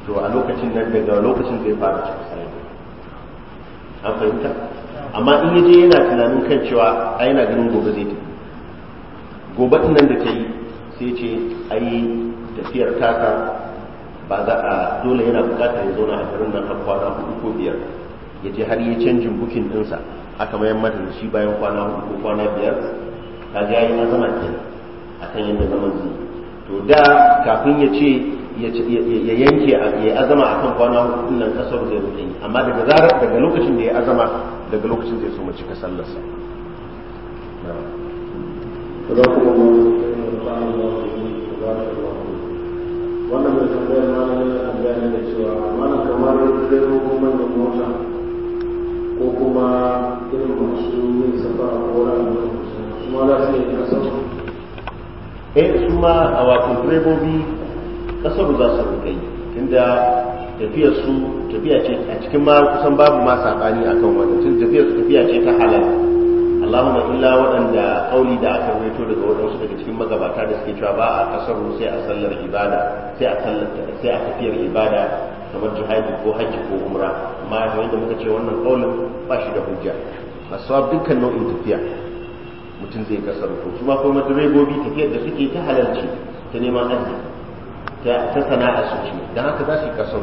to a lokacin nan daga lokacin zai fara cikin sallah an fahimta amma in yaje yana tunanin kan cewa a yana ganin gobe zai tafi gobe nan da ta yi sai ce a yi tafiyar taka ba za a dole yana bukatar ya zauna a garin nan har kwana hudu ko biyar ya je har yi canjin bukin ɗinsa aka mayan mata da shi bayan kwana hudu ko kwana biyar ta ga yi azama ke a kan yadda zaman zai to da kafin ya ce ya yanke ya azama akan kwana hudu nan kasar zai rute yi amma daga zarar daga lokacin da ya azama daga lokacin zai so mu cika sallarsa wannan mai tambayar malamin da cewa mana kamar zai mota ko kuma irin masu yin safara ko wani kuma za su yi kasar eh su ma a wato direbobi kasar za su rika yi inda tafiyar su tafiya ce a cikin ma kusan babu ma sabani akan wannan tun tafiyar su tafiya ce ta halal Allahumma illa waɗanda kauli da aka rawaito daga waɗansu daga cikin magabata da suke cewa ba a kasar sai a sallar ibada sai a sai a tafiyar ibada kamar jihadi ko hajji ko umra amma yawon da muka ce wannan kaunin ba shi da hujja masu dukkan nau'in tafiya mutum zai kasar ko su ma kuma direbobi tafiyar da suke ta halarci ta neman arziki ta sana'a su ce don haka za su yi kasar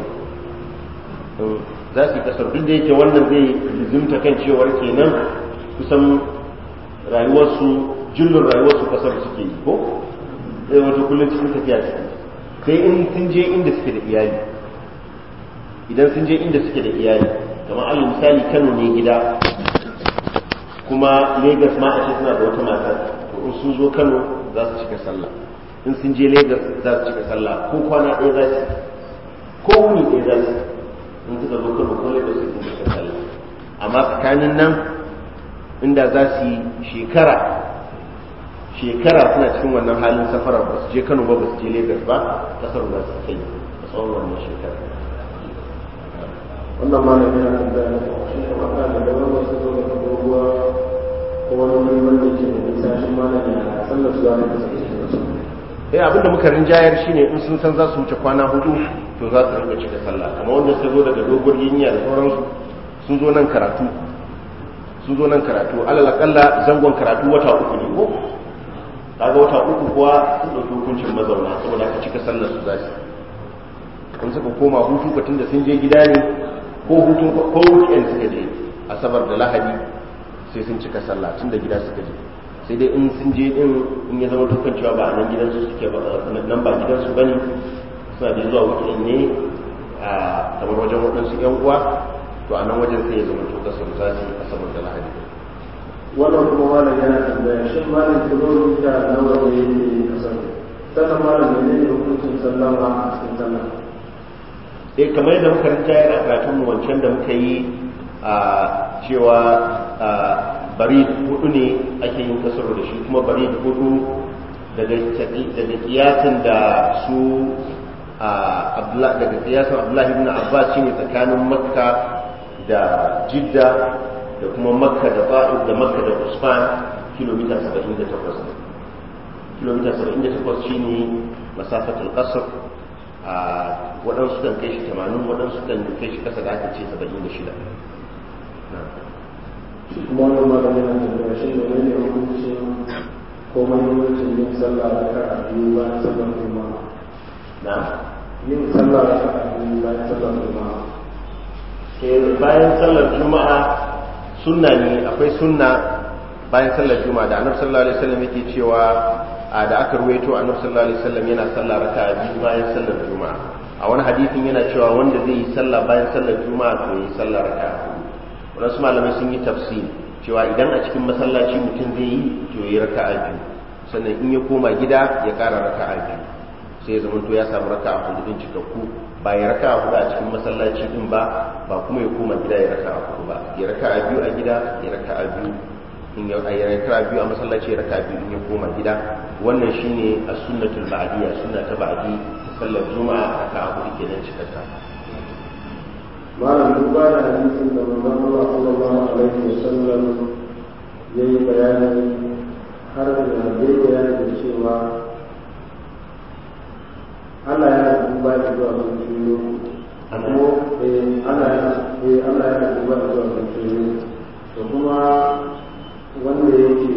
za su yi kasar duk da yake wannan zai zimta kan cewar kenan kusan rayuwarsu jullun rayuwarsu kasar suke yi ko sai eh, wata kullum cikin tafiya suke sai in sun je inda suke da iyali idan sun je inda suke da iyali kamar alal misali kano ne gida kuma lagos ma a ce suna da wata mata to in sun zo kano za su cika sallah in sun je lagos za su cika sallah ko kwana ɗaya za su ko wuni ɗaya za su in suka zo kano ko lagos su cika sallah amma tsakanin nan inda za su yi shekara shekara suna cikin wannan halin safara ba su je kano ba ba su je lagos ba kasar za su kai a tsawon wannan shekara wannan malami yana tambaya shi kamata da daban wasu zo da abubuwa ko wani wuri wanda ke da nisa shi malami na sallar su da ta kasance da su eh abinda muka rinjayar shine in sun san za su wuce kwana hudu to za su rinka cika sallah kamar wanda suka zo daga dogon yinya da sauransu sun zo nan karatu sun zo nan karatu alal akalla zangon karatu wata uku ne ko kaga wata uku kuwa sun dauki hukuncin mazauna saboda aka cika sallar su za su in suka koma hutu ka tunda sun je gida ne ko hutun ko weekend suka je asabar da lahadi sai sun cika sallah tun da gida suka je sai dai in sun je din in ya zama dukkan cewa ba a nan gidansu suke ba nan ba gidansu bane suna da zuwa weekend ne a kamar wajen waɗansu yan uwa to a nan wajen sai ya zama to kasar za su yi asabar da lahadi wannan kuma malam yana tambaya shin malam kilolin da nawa da yake kasar sannan malam ne ne hukuncin sallama a cikin sallama E kamar yadda muka rinta yana karatun mu wancan da muka yi a cewa bari hudu ne ake yin kasar da shi kuma bari hudu daga kiyasin da su daga kiyasin abdullahi ibn abbas shi ne tsakanin makka da jidda da kuma makka da ba'id da makka da usman kilomita 78 kilomita 78 shine masafatul kasar a waɗansu kan kai shi tamanin waɗansu kan kai shi ƙasa da aka ce saba'in da shida kuma wannan maganin na tambaya shi ne ne hukuncin ko mahimmancin yin sallah da ka biyu bayan sallar juma'a na yin sallah da ka biyu bayan sallar juma'a bayan sallar juma'a sunna ne akwai sunna bayan sallar juma'a da annabi sallallahu alaihi wasallam yake cewa da aka ruwaito annabi sallallahu alaihi wasallam yana sallah raka'a biyu bayan sallar juma'a a wani hadisin yana cewa wanda zai yi sallah bayan sallar juma'a to yi sallah raka'a wasu malamai sun yi tafsir cewa idan a cikin masallaci mutum zai yi to yi raka'a biyu sannan in ya koma gida ya kara raka'a biyu sai ya zamanto ya samu raka'a hudu din cikakku ba ya raka'a hudu a cikin masallaci din ba ba kuma ya koma gida ya raka'a hudu ba ya raka'a biyu a gida ya raka'a biyu in yanayi raka biyu a masallaci raka biyu in ya koma gida wannan shine a sunnatul a sunna ta ba'di sallar juma'a raka hudu kenan cikakka malam duba da hadisin da manzon Allah sallallahu alaihi wasallam yayi bayani har da yayi bayani da cewa Allah ya duba da zuwa mun juyo ko eh Allah eh Allah ya duba da zuwa mun juyo to kuma wanda yake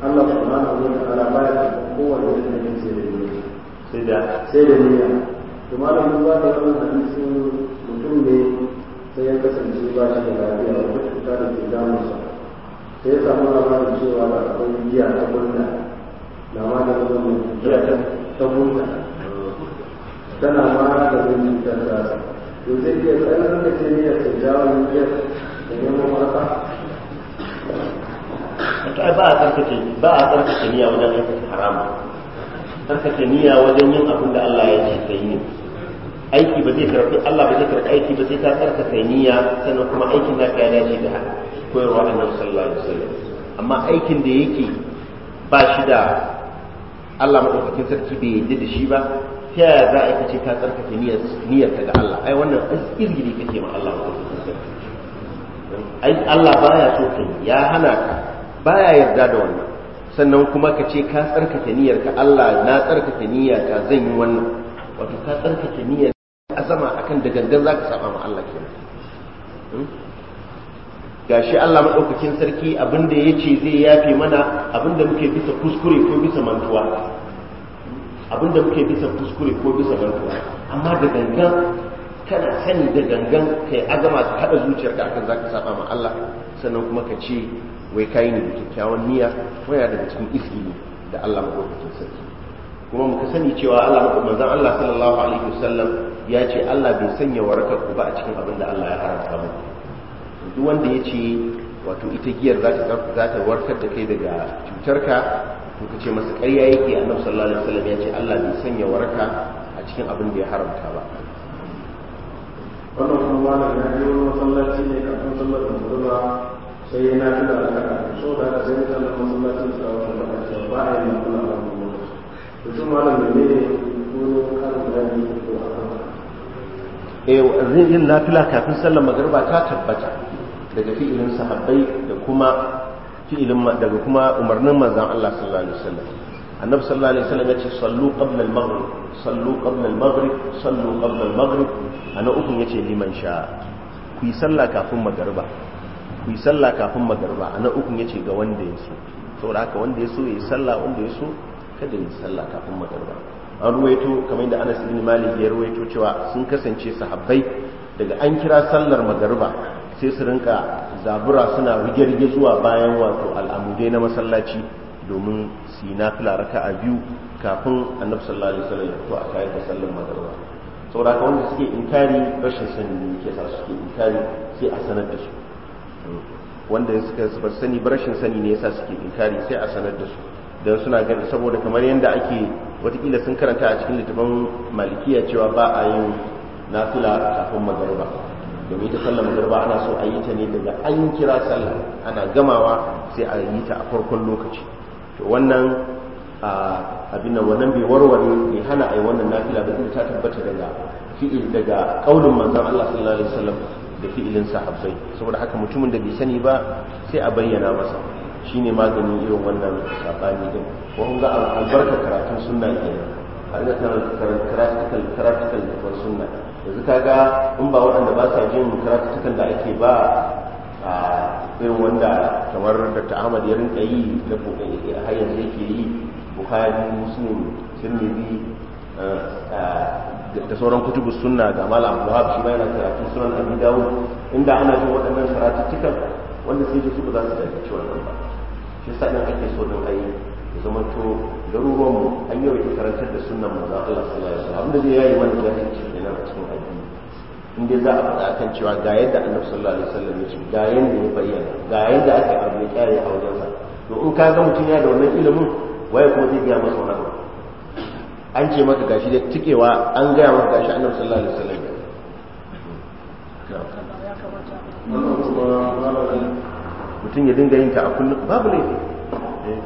Allah subhanahu wani kara baya karɓar kowane irin da yake da niyya sai da sai da niyya to malam duba da wannan hadisin mutum ne sai ya kasance ba shi da lafiya wata cuta da ke damun sa sai ya samu labarin cewa ba akwai giya ta da labarin wannan giya ta kunna tana mara da zai cutar da to zai iya tsanar da ke niyyar ta jawo niyyar da neman wata ba a tsarkake ba a tsarkake niyya wajen aikata haramu tsarkake niyya wajen yin abin da Allah ya ce kai ne aiki ba zai karɓi Allah ba zai karɓi aiki ba sai ta tsarkake niyya sannan kuma aikin naka ya dace da koyarwa annabi sallallahu alaihi wasallam amma aikin da yake ba shi da Allah madaukakin sarki bai yarda da shi ba ta yaya za a yi kace ka tsarkake niyyar niyyarka ga Allah ai wannan asiri ne kake ma Allah madaukakin sarki ai Allah baya so kai ya hana ka baya yarda da wannan sannan kuma ka ce ka tsarkake niyyar ka Allah na tsarkake niyyar ka zan yi wannan wato ka tsarkake niyyar azama akan da gangan zaka saba ma Allah kenan hmm? gashi Allah madaukakin sarki abinda ce zai yafe mana abinda muke bisa kuskure ko bisa mantuwa abinda muke bisa kuskure ko bisa mantuwa amma da gangan kana sani da gangan kai azama ka hada zuciyarka akan zaka saba ma Allah sannan kuma ka ce wai kai ne da kyakkyawan niyya waya daga cikin izgili da Allah madaukakin sarki kuma muka sani cewa Allah manzon Allah sallallahu alaihi wasallam ya ce Allah bai sanya warakar ku ba a cikin abin da Allah ya haramta mu duk wanda ya ce wato ita giyar za ta za ta warkar da kai daga cutarka to ka ce masa ƙarya yake annabi sallallahu alaihi wasallam ya ce Allah bai sanya waraka a cikin abin da ya haramta ba wannan kuma malam ya je wani masallaci ne kafin sallar magruba sai yana tuna da haka so da haka sai mutanen masallacin suka wata baka cewa ba a yi magana a wani lokaci to shi malam ne ne ko karin bayani ko a kan eh, yin nafila kafin sallar magruba ta tabbata daga fi'ilin sahabbai da kuma fi'ilin daga kuma umarnin manzon Allah sallallahu alaihi wasallam annabi sallallahu alaihi wasallam yace sallu qabla al-maghrib sallu qabla al-maghrib sallu qabla al-maghrib ana uku yace liman sha ku yi sallah kafin magariba ku yi sallah kafin magariba ana uku yace ga wanda ya so saboda haka wanda ya so ya sallah wanda ya so kada ya yi sallah kafin magariba an ruwaito kamar da Anas ibn Malik ya ruwaito cewa sun kasance sahabbai daga an kira sallar magariba sai su rinka zabura suna rige-rige zuwa bayan wato al'amudai na masallaci domin su yi nafila a biyu kafin annabi sallallahu alaihi wasallam ya a kayan da sallan magariba saboda haka wanda suke inkari rashin sani ne ke sa suke inkari sai a sanar da su wanda suka bar sani ba rashin sani ne yasa suke inkari sai a sanar da su dan suna ganin saboda kamar yadda ake watakila sun karanta a cikin littafin malikiya cewa ba a yin nafila kafin magariba domin ita sallar magariba ana so a yi ta ne daga an kira sallah ana gamawa sai a yi ta a farkon lokaci to wannan abin nan wannan bai warware bai hana ai wannan nafila ba ta tabbata daga fi'il daga kaulin manzon Allah sallallahu alaihi wasallam da fi'ilin sahabbai saboda haka mutumin da bai sani ba sai a bayyana masa shine maganin irin wannan sabani din ko ga albarka karatun sunna kenan har da karatukan karatukan da sunna yanzu kaga in ba waɗanda ba sa jin karatukan da ake ba irin wanda kamar dr ahmad ya rinka yi da har yanzu yake yi bukhari muslim tirmidhi eh, eh, da sauran kutubu sunna ga malam abdulhab shi ma yana karatun sunan abu dawo inda ana jin waɗannan karatuttukan wanda sai su ba za su ciwon nan ba shi yasa ɗin ake so don ayi da zama to garuruwanmu an yau karantar da sunan manzon Allah sallallahu alaihi wasallam abinda zai yayi wani jahilci da nan a cikin addini inda za a faɗa kan cewa ga yadda annabi sallallahu alaihi wasallam ya ce ga yadda ya bayyana ga yadda aka abu ya kyare a sa to in ka ga mutum ya da wannan ilimin waye kuma zai gaya masa wannan an ce maka gashi da tikewa an gaya maka gashi annabi sallallahu alaihi wasallam mutum ya dinga yin ta a kullum babu laifi eh,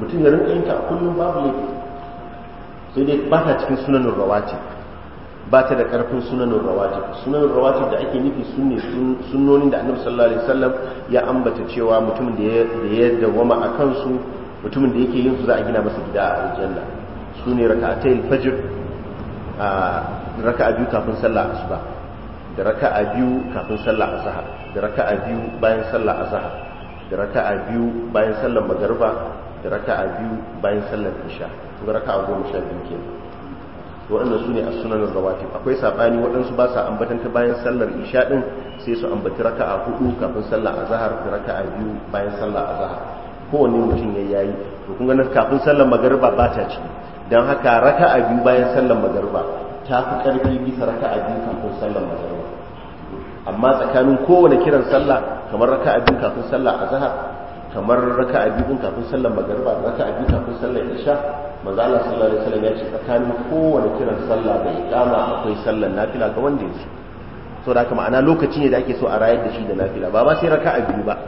mutum ya dinga yin ta a kullum babu laifi sai dai ba ta cikin sunanin rawati ba ta da karfin sunanin rawatib sunanin rawatu da ake nufi sunne sunnonin da annabi sallallahu alaihi wasallam ya ambata cewa mutumin da ya dawama a kansu mutumin da yake yin su za a gina masa gida a aljanna su ne raka'atayil fajr a raka'a biyu kafin sallah asuba da raka'a biyu kafin sallah azhar da raka'a biyu bayan sallah azhar da raka'a biyu bayan sallar magariba da raka'a biyu bayan sallar isha kuma raka'a goma sha biyu kenan waɗanda su ne a sunanin rawatib akwai saɓani waɗansu ba sa ambatan ta bayan sallar isha ɗin sai su ambaci a hudu kafin sallar zahar da a biyu bayan sallar zahar kowanne mutum ya yayi to kun ganin kafin sallar magariba ba ta ciki don haka a biyu bayan sallar magariba ta fi ƙarfi bisa a biyu kafin sallar magariba amma tsakanin kowane kiran sallah kamar raka'a biyu kafin a zahar. kamar raka a biyu kafin sallar magariba raka a biyu kafin sallar isha mazala Allah da sallar ya ce tsakanin kowane kiran salla da kama akwai sallar nafila ga wanda ya ce so da haka ma'ana lokaci ne da ake so a rayar da shi da nafila ba ma sai raka a biyu ba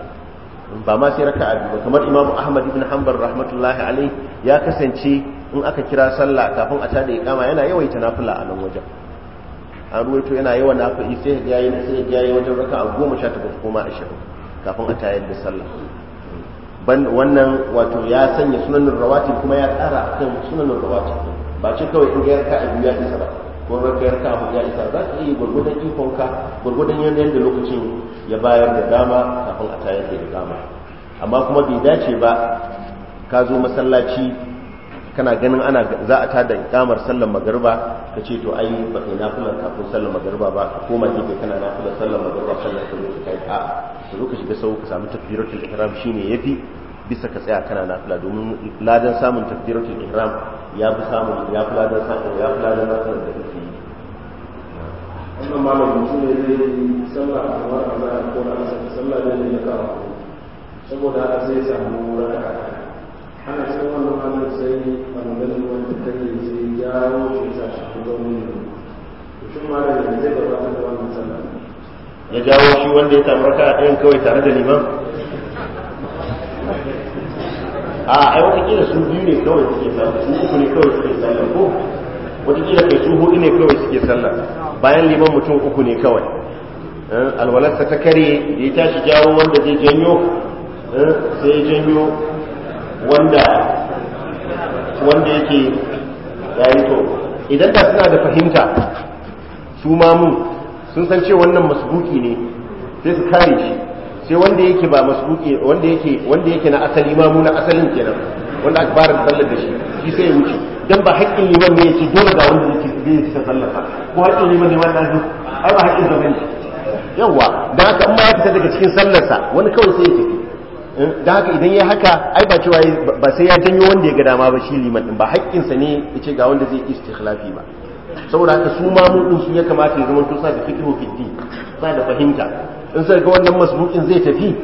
ba ma sai raka a biyu ba kamar Imam Ahmad ibn Hanbal rahmatullahi alai ya kasance in aka kira sallah kafin a tada kama yana yawaita nafila a nan wajen an ruwaito yana yawan nafila sai ya yi sai ya a wajen raka'a 18 ko ma 20 kafin a tayar da sallah wannan wato ya sanya sunanin rawati kuma ya tsara akan sunanin rawati ba ce kawai in ga yarka a biyu ya isa ba ko ranka yarka a ya isa za ka yi gwargwadon ikonka gwargwadon yanayin da lokacin ya bayar da dama kafin a tayar da dama amma kuma bai dace ba ka zo masallaci kana ganin ana za a tada ikamar sallar magariba ka ce to ai ba kai nafilar kafin sallar magariba ba ka koma gefe kana nafilar sallar magariba sallar ka zo ka kai a ka zo ka shiga sau ka samu takbiratul ihram shine yafi bisa ka tsaya kana nafila domin ladan samun takbiratul ihram ya fi samun ya fi ladan samun ya fi ladan nafilar da kake yi amma malam mutum ne zai yi sallah a kamar a zai ko na sallah ne ne ya kawo saboda haka sai samu raka'a ana cikin wannan halin sai ɓangaren wanda ta yi ce ya wuce ta shi gwamnati to shi ma da zai gabatar da wannan sallah ya jawo shi wanda ya samu a ɗayan kawai tare da liman a ai watakila su biyu ne kawai suke sallah su uku ne kawai suke sallah ko watakila kai su hudu ne kawai suke sallah bayan liman mutum uku ne kawai eh, alwalarsa ta kare da ya tashi jawo wanda zai janyo eh, sai ya janyo wanda wanda yake yayi to idan da suna da fahimta su ma mu sun san ce wannan masbuki ne sai su kare shi sai wanda yake ba masbuki wanda yake wanda yake na asali ma mu na asalin kenan wanda aka fara sallar da shi shi sai ya wuce dan ba haƙƙin liman ne yake dole ga wanda yake zai ta sallar ko haƙƙin liman ne wanda duk ai ba haƙƙin zaman yawa dan haka amma ya fita daga cikin sallarsa wani kawai sai ya tafi da haka idan ya haka ai ba cewa ba sai ya janyo wanda ya ga dama ba shi liman din ba haƙƙinsa ne ya ce ga wanda zai istikhlafi ba saboda haka su ma mu su ya kamata ya zama to sa da fikihu fi din sa da fahimta in sai ga wannan masbukin zai tafi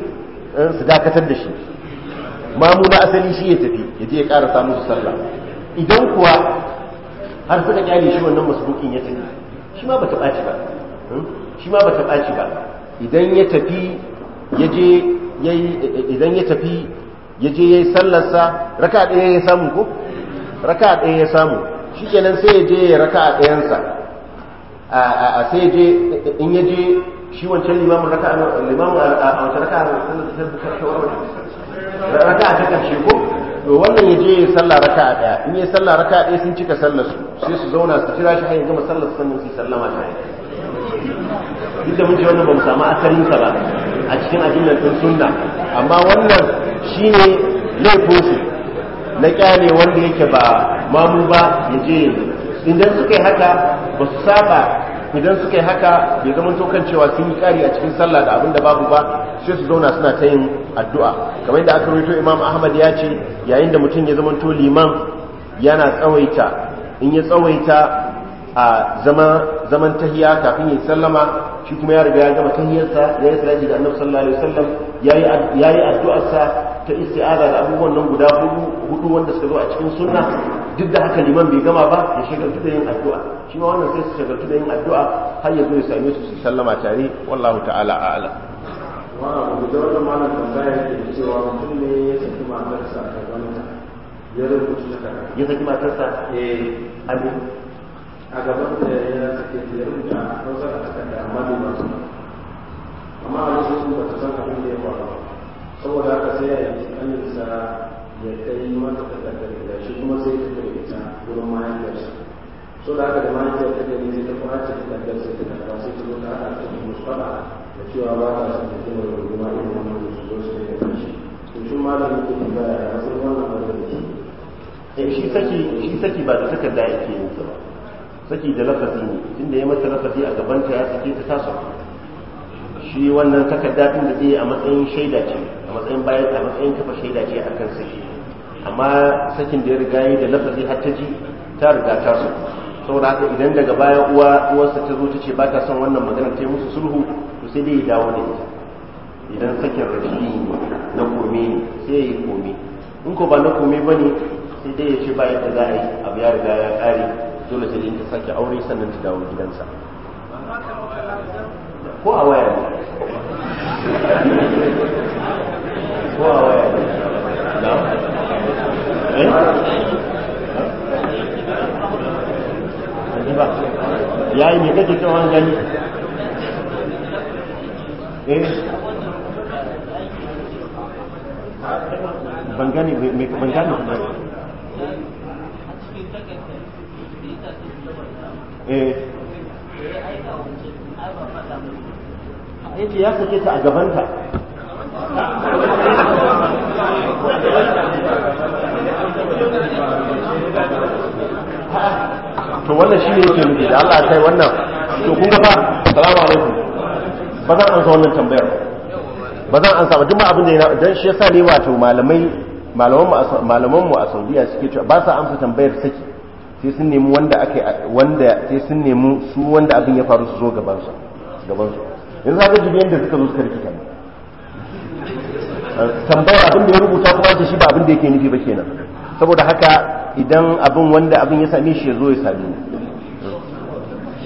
eh, su dakatar da shi mu na asali shi ya tafi ya je ya karasa musu sallah idan kuwa har suka kyale shi wannan masbukin ya tafi shi ma ta ɓaci ba hmm? shi ma ta ɓaci ba idan ya tafi ya je idan ya tafi ya je yi sallarsa raka ɗaya ya samu ko raka ɗaya ya samu shikenan sai ya je ya raka a sa a sai ya je in ya je shi wancan limamun raka raka a wancan raka raka ta karshe ko to wannan ya je ya salla raka ɗaya in ya salla raka ɗaya sun cika sallar su sai su zauna su kira shi har ya gama sallar sannan su sallama ta duk da mun ce wannan ba mu samu asalin ba a cikin adillar tun sunna amma wannan shine laifin su na kyale wanda yake ba mamu ba ya je yanzu idan suka yi haka ba su saba idan suka yi haka ya zama tokan kan cewa sun yi kari a cikin sallah da abin da babu ba sai su zauna suna ta yin addu'a kamar yadda aka rito imam ahmad ya ce yayin da mutum ya zama to liman yana tsawaita in ya tsawaita a zaman tahiya kafin ya sallama shi kuma ya riga ya gama tahiyarsa ya yi salati da annabi sallallahu alaihi wasallam ya yi addu'arsa ta isti'aza da abubuwan nan guda hudu wanda suka zo a cikin sunna duk da haka liman bai gama ba ya shagaltu da yin addu'a shi ma wannan sai su shagaltu da yin addu'a har ya zo ya same su su sallama tare wallahu ta'ala a'ala wannan malam ya rubuta ya saki matarsa eh abin a gaban da ya sake ta ya rubuta a hausar a takarda amma bai masu amma a wasu sun ba ta san abin da ya faru saboda haka sai ya yi aminsa ya kai mata ta takardar da shi kuma sai ta kai ita wurin mayan da shi so da haka da mayan da ta gani zai ta kwace takardar sai ta karba sai ta zuka a cikin ta da cewa ba ta son ta kima da rubuma irin wannan su zo su kai kashi to shi ma malamin ke ba ya wasu wannan magana da eh, shi saki ba da takarda yake yin ba saki da lafazi ne inda ya mata lafazi a gabanta ya sake ta taso shi wannan takarda din da zai a matsayin shaida ce a matsayin bayan a matsayin kafa shaida ce akan saki amma sakin da ya riga yi da lafazi har ta ji ta riga ta so saboda haka idan daga baya uwa uwarsa ta zo ta ce ba ta son wannan magana ta yi musu sulhu to sai dai ya dawo da ita idan sakin rashi na kome ne sai ya yi kome in ko ba na kome ba ne sai dai ya ce bayan da za a yi abu ya riga ya kare dole ta sake aure sannan ta dawo gidansa ko a waya ne ko a waya ne eh? eh? ba ya yi mai kake tsawon gani ban gani ban gani eh yake ya sake ta a gabanta to wannan shi ne yake nufi da Allah ya kai wannan to kun gaba salamu alaikum ba zan ansa wannan tambayar ba zan ansa ba duk abin da yana dan shi yasa ne wato malamai malamanmu mu a Saudiya suke cewa ba sa amsa tambayar saki sai sun nemi wanda ake wanda sai sun nemi su wanda abin ya faru su zo gaban su gaban su yanzu haka jibi yanda suka zo suka rikita ne eh, tambayar abin da ya rubuta kuma ce shi ba abin da yake nufi ba kenan saboda haka idan abin wanda abin ya same shi ya zo ya same ni eh,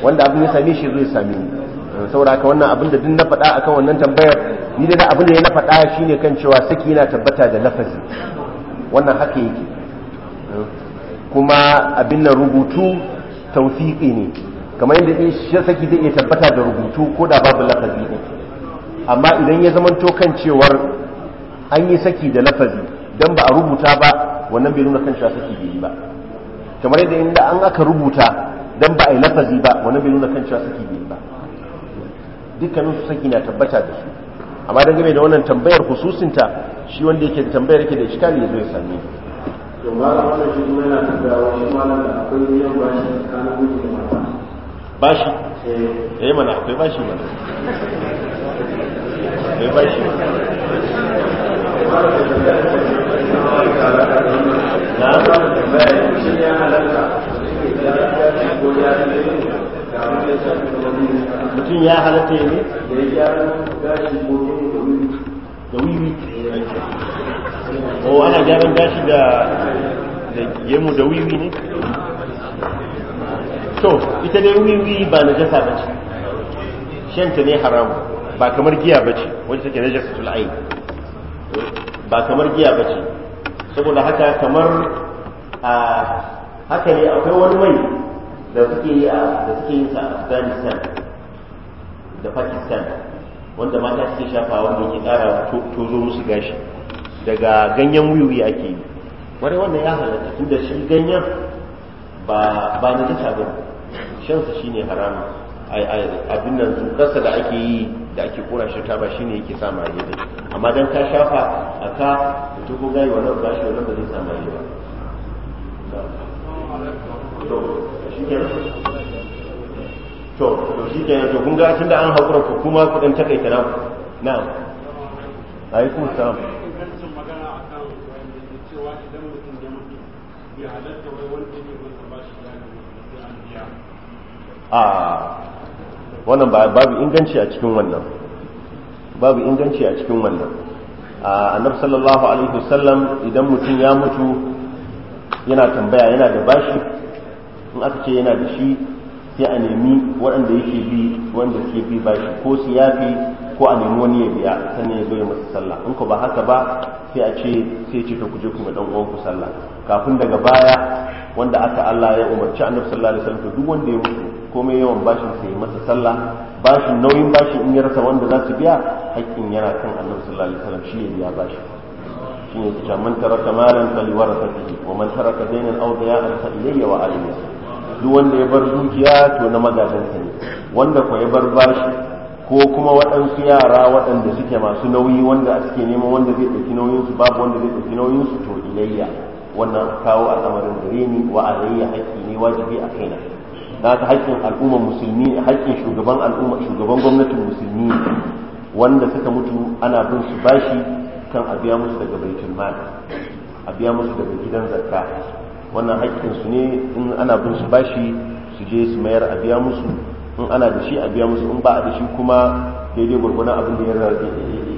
wanda abin ya same shi ya zo ya same ni eh, saboda haka wannan abin da duk na faɗa akan wannan tambayar ni da abin da ya na faɗa shine kan cewa saki yana tabbata da lafazi wannan haka yake kuma abin na rubutu tawfiqi ne kamar yadda shi saki zai iya tabbata da rubutu ko da babu lafazi ne amma idan ya zama tokan cewar an yi saki da lafazi don ba a rubuta ba wannan bai nuna kan cewa saki bai yi ba kamar yadda inda an aka rubuta don ba a yi lafazi ba wannan bai nuna kan cewa saki bai yi ba dukkanin su saki na tabbata da su amma dangane da wannan tambayar hususinta shi wanda yake da tambayar yake da iskali ya zo ya same ni to malam wannan shi kuma yana tattawa shi malam da akwai biyan bashi tsakanin miji da mata bashi eh, eh mana akwai bashi mana akwai bashi na shi ya halatta mutum ya halatta ne da ya gyara gashi da o ana gyaran gashi da da gemu da wiwi ne to ita dai wiwi ba na najasa bace shanta ne haramu ba kamar giya bace wacce take najasatul ayn ba kamar giya bace saboda haka kamar a haka ne akwai wani mai da suke yi a da suke yin sa Afghanistan da Pakistan wanda mata suke shafa wanda yake kara tozo musu gashi daga ganyen wiwi ake yi wani wannan ya halatta tun da shi ganyen ba ba na jita ba shansa ne haramu abin nan zukarsa da ake yi da ake kura shi ta ba ne yake sa maye ne amma dan ka shafa a ka to ko wa wannan ba shi wannan ba zai sa maye ba to to shi ke to kun ga tun da an haƙura ku kuma ku dan takaita na na alaikum samu a wannan babu inganci a cikin wannan babu inganci a cikin wannan annabi sallallahu alaihi wasallam idan mutum ya mutu yana tambaya yana da bashi in aka ce yana da shi sai a nemi waɗanda yake bi wanda ke bi bashi ko su ko a nemi wani ya biya sannan ya zo ya masa sallah in ko ba haka ba sai a ce sai ce to kuje kuma dan uwanku sallah kafin daga baya wanda aka Allah ya umarci Annabi sallallahu alaihi wasallam duk wanda ya mutu komai yawan bashin sai ya masa sallah bashin nauyin bashin in ya rasa wanda za su biya hakkin yana kan Annabi sallallahu alaihi wasallam shi ya biya bashin shi ne cewa man taraka malan fali wa man taraka daynan aw daya'an fa ilayya wa alayhi duk wanda ya bar dukiya to na magadansa ne wanda ko ya bar bashi ko kuma waɗansu yara waɗanda suke masu nauyi wanda suke neman wanda zai ɗauki nauyinsu babu wanda zai ɗauki nauyinsu to ilayya wannan kawo a al'amarin gare ni wa alayya haƙƙi ne wajibi a kaina na ta haƙƙin al'umma musulmi haƙƙin shugaban al'umma shugaban gwamnatin musulmi wanda suka mutu ana bin su bashi kan a biya musu daga baitul mal a biya musu daga gidan zakka wannan haƙƙin su ne in ana bin su bashi su je su mayar a biya musu in ana da shi a biya musu in ba a da shi kuma daidai gwargwadon abin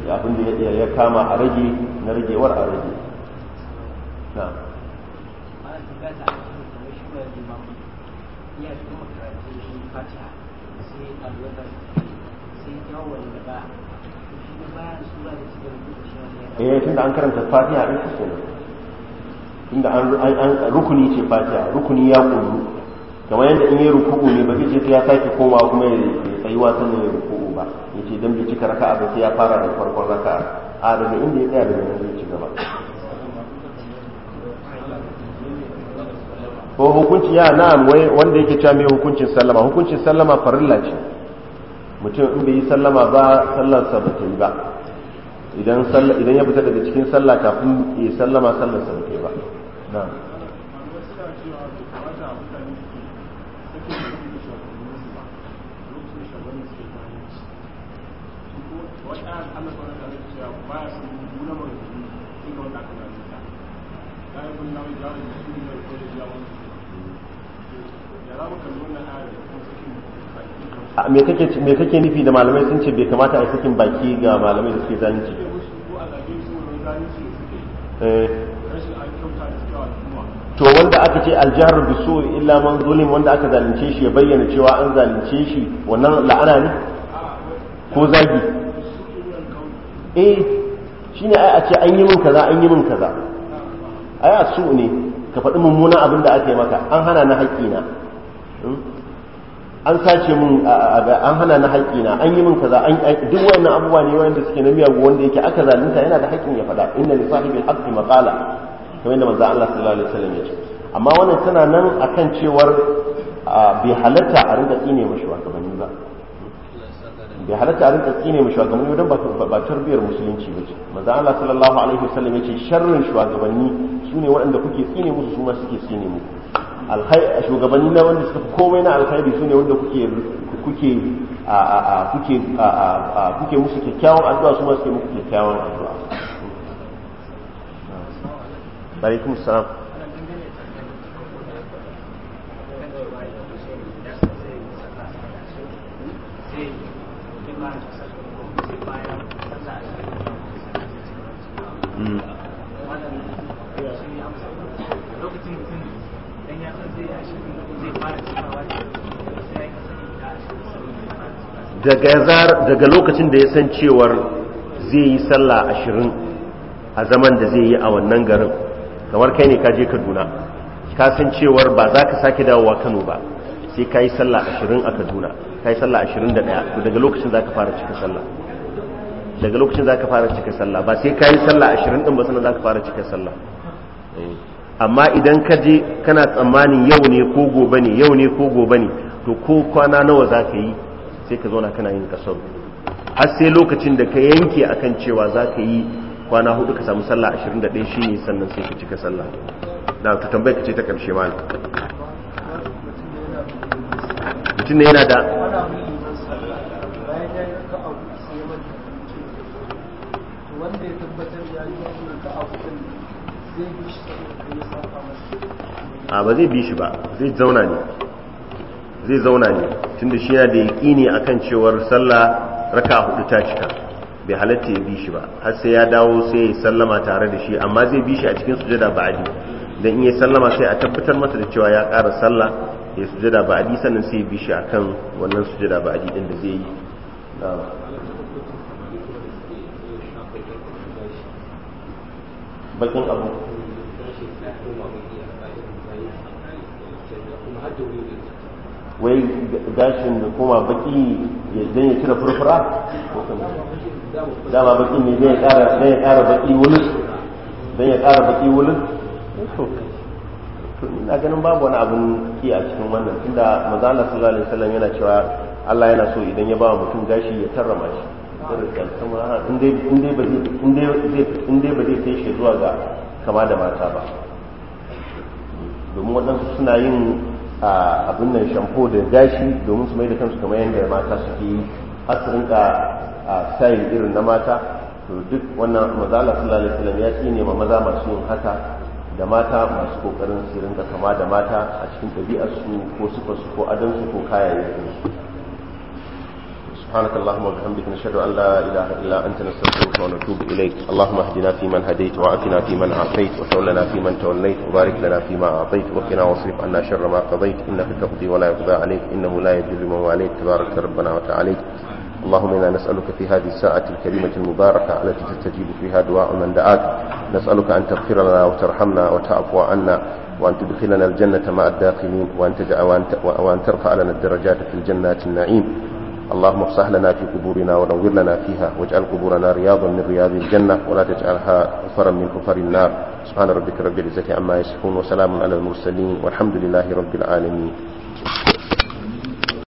da abin da ya kama a rage na ragewar a rage na eh tunda an karanta fatiha ɗin su tunda an rukuni ce fatiha rukuni ya kuru kamar yadda in yi ruku'u ne ba zai ce ya sake komawa kuma ya tsayuwa sannan ya ruku'u ba ya ce don bincika cika raka'a ba sai ya fara da farkon raka'a a daga inda ya tsaya daga nan zai ci gaba ko hukunci ya na'am wai wanda yake cewa hukuncin sallama hukuncin sallama farilla ce mutum in bai yi sallama ba sa ba ta yi ba idan ya fita daga cikin sallah kafin ya sallama sallar ba ta ba na'am me kake me kake nufi da malamai sun ce bai kamata a sakin baki ga malamai da suke zanci to wanda aka ce aljaru bi su illa man zulim wanda aka zalunce shi ya bayyana cewa an zalunce shi wannan la'ana ne ko zagi eh shine ai a ce an yi min kaza an yi min kaza aya su ne ka faɗi mummunan abin da aka yi maka an hana na haƙƙina hmm? an sace mun an hana na haƙƙina an yi min kaza an duk wannan abubuwa ne wanda suke na miyagu wanda yake aka zalunta yana da haƙƙin ya faɗa inna li sahibi haqqi maqala kamar yadda manzo Allah sallallahu alaihi wasallam ya ce amma wannan tana nan akan cewar bai halatta a rinka tsine mashi wa ba bai halatta a rinka tsine mu shugabanni don ba tarbiyar musulunci ba ce maza Allah sallallahu alaihi wasallam ya ce sharrin shugabanni su ne waɗanda kuke tsine musu su ma suke tsine mu shugabanni na wanda suka komai na alkhairi su ne wanda kuke kuke kuke kuke musu kyakkyawan addu'a su ma suke muku kyakkyawan addu'a alaikum salam daga lokacin da ya san cewar zai yi sallah ashirin a zaman da zai yi a wannan garin kamar kai ne ka je kaduna ka san cewar ba za ka sake dawowa kano ba sai ka yi sallah ashirin a kaduna ka yi sallah ashirin da ɗaya daga lokacin za ka fara cikin sallah daga lokacin za ka fara cika sallah ba sai ka yi sallah ashirin ɗin ba sannan za ka fara cika sallah eh. amma idan ka je kana tsammanin yau ne ko gobe ne yau ne ko gobe ne to ko kwana nawa za ka yi sai ka zauna kana yin kasar har sai lokacin da ka yanke akan cewa za ka yi kwana hudu ka samu sallah ashirin da ɗaya shi ne sannan sai ka cika sallah da ka tambayi ka ce ta ƙarshe ma mutum ne yana da a ba zai bi ba zai zauna ne zai zauna ne tunda shi yana da yaƙini akan cewar sallah raka hudu ta cika bai halatta ya bi shi ba har sai ya dawo sai ya sallama tare da shi amma zai bishi a cikin sujada ba'adi dan in ya sallama sai a tabbatar masa da cewa ya ƙara sallah ya sujada ba'adi sannan sai ya bi shi akan wannan sujada ba'adi din da zai yi wai gashin da koma baki ya zai cire furfura ko dama baki ne zai kara kara baki wulus zai ya kara baki wulus to ina ganin babu wani abin ki a cikin wannan tunda maza Allah sallallahu alaihi wasallam yana cewa Allah yana so idan ya ba mutum gashi ya tarrama shi in dai in dai ba in dai ba zai kai shi zuwa ga kama da mata ba domin waɗansu suna yin abin nan shampo da gashi domin su mai da kansu kamar yadda mata suke yi har su rinka sayin irin na mata to duk wannan mazala sallallahu alaihi wasallam ya tsine ma maza masu yin haka da mata masu kokarin su rinka kama da mata a cikin ɗabi'ar su ko sifar su ko adan su ko kayayyakin su سبحانك اللهم وبحمدك نشهد أن لا إله إلا أنت نستغفرك ونتوب إليك اللهم اهدنا فيمن هديت وعافنا فيمن عافيت وتولنا فيمن توليت وبارك لنا فيما أعطيت وقنا واصرف عنا شر ما قضيت إنك تقضي ولا يقضى عليك إنه لا يجوز من واليت تبارك ربنا وتعاليت اللهم إنا نسألك في هذه الساعة الكريمة المباركة التي تستجيب فيها دعاء من دعاك نسألك أن تغفر لنا وترحمنا وتعفو عنا وأن تدخلنا الجنة مع الداخلين وأن, وأن ترفع لنا الدرجات في الجنات النعيم اللهم افسح لنا في قبورنا ونور لنا فيها واجعل قبورنا رياضا من رياض الجنة ولا تجعلها حفرا من حفر النار سبحان ربك رب العزة عما يصفون وسلام على المرسلين والحمد لله رب العالمين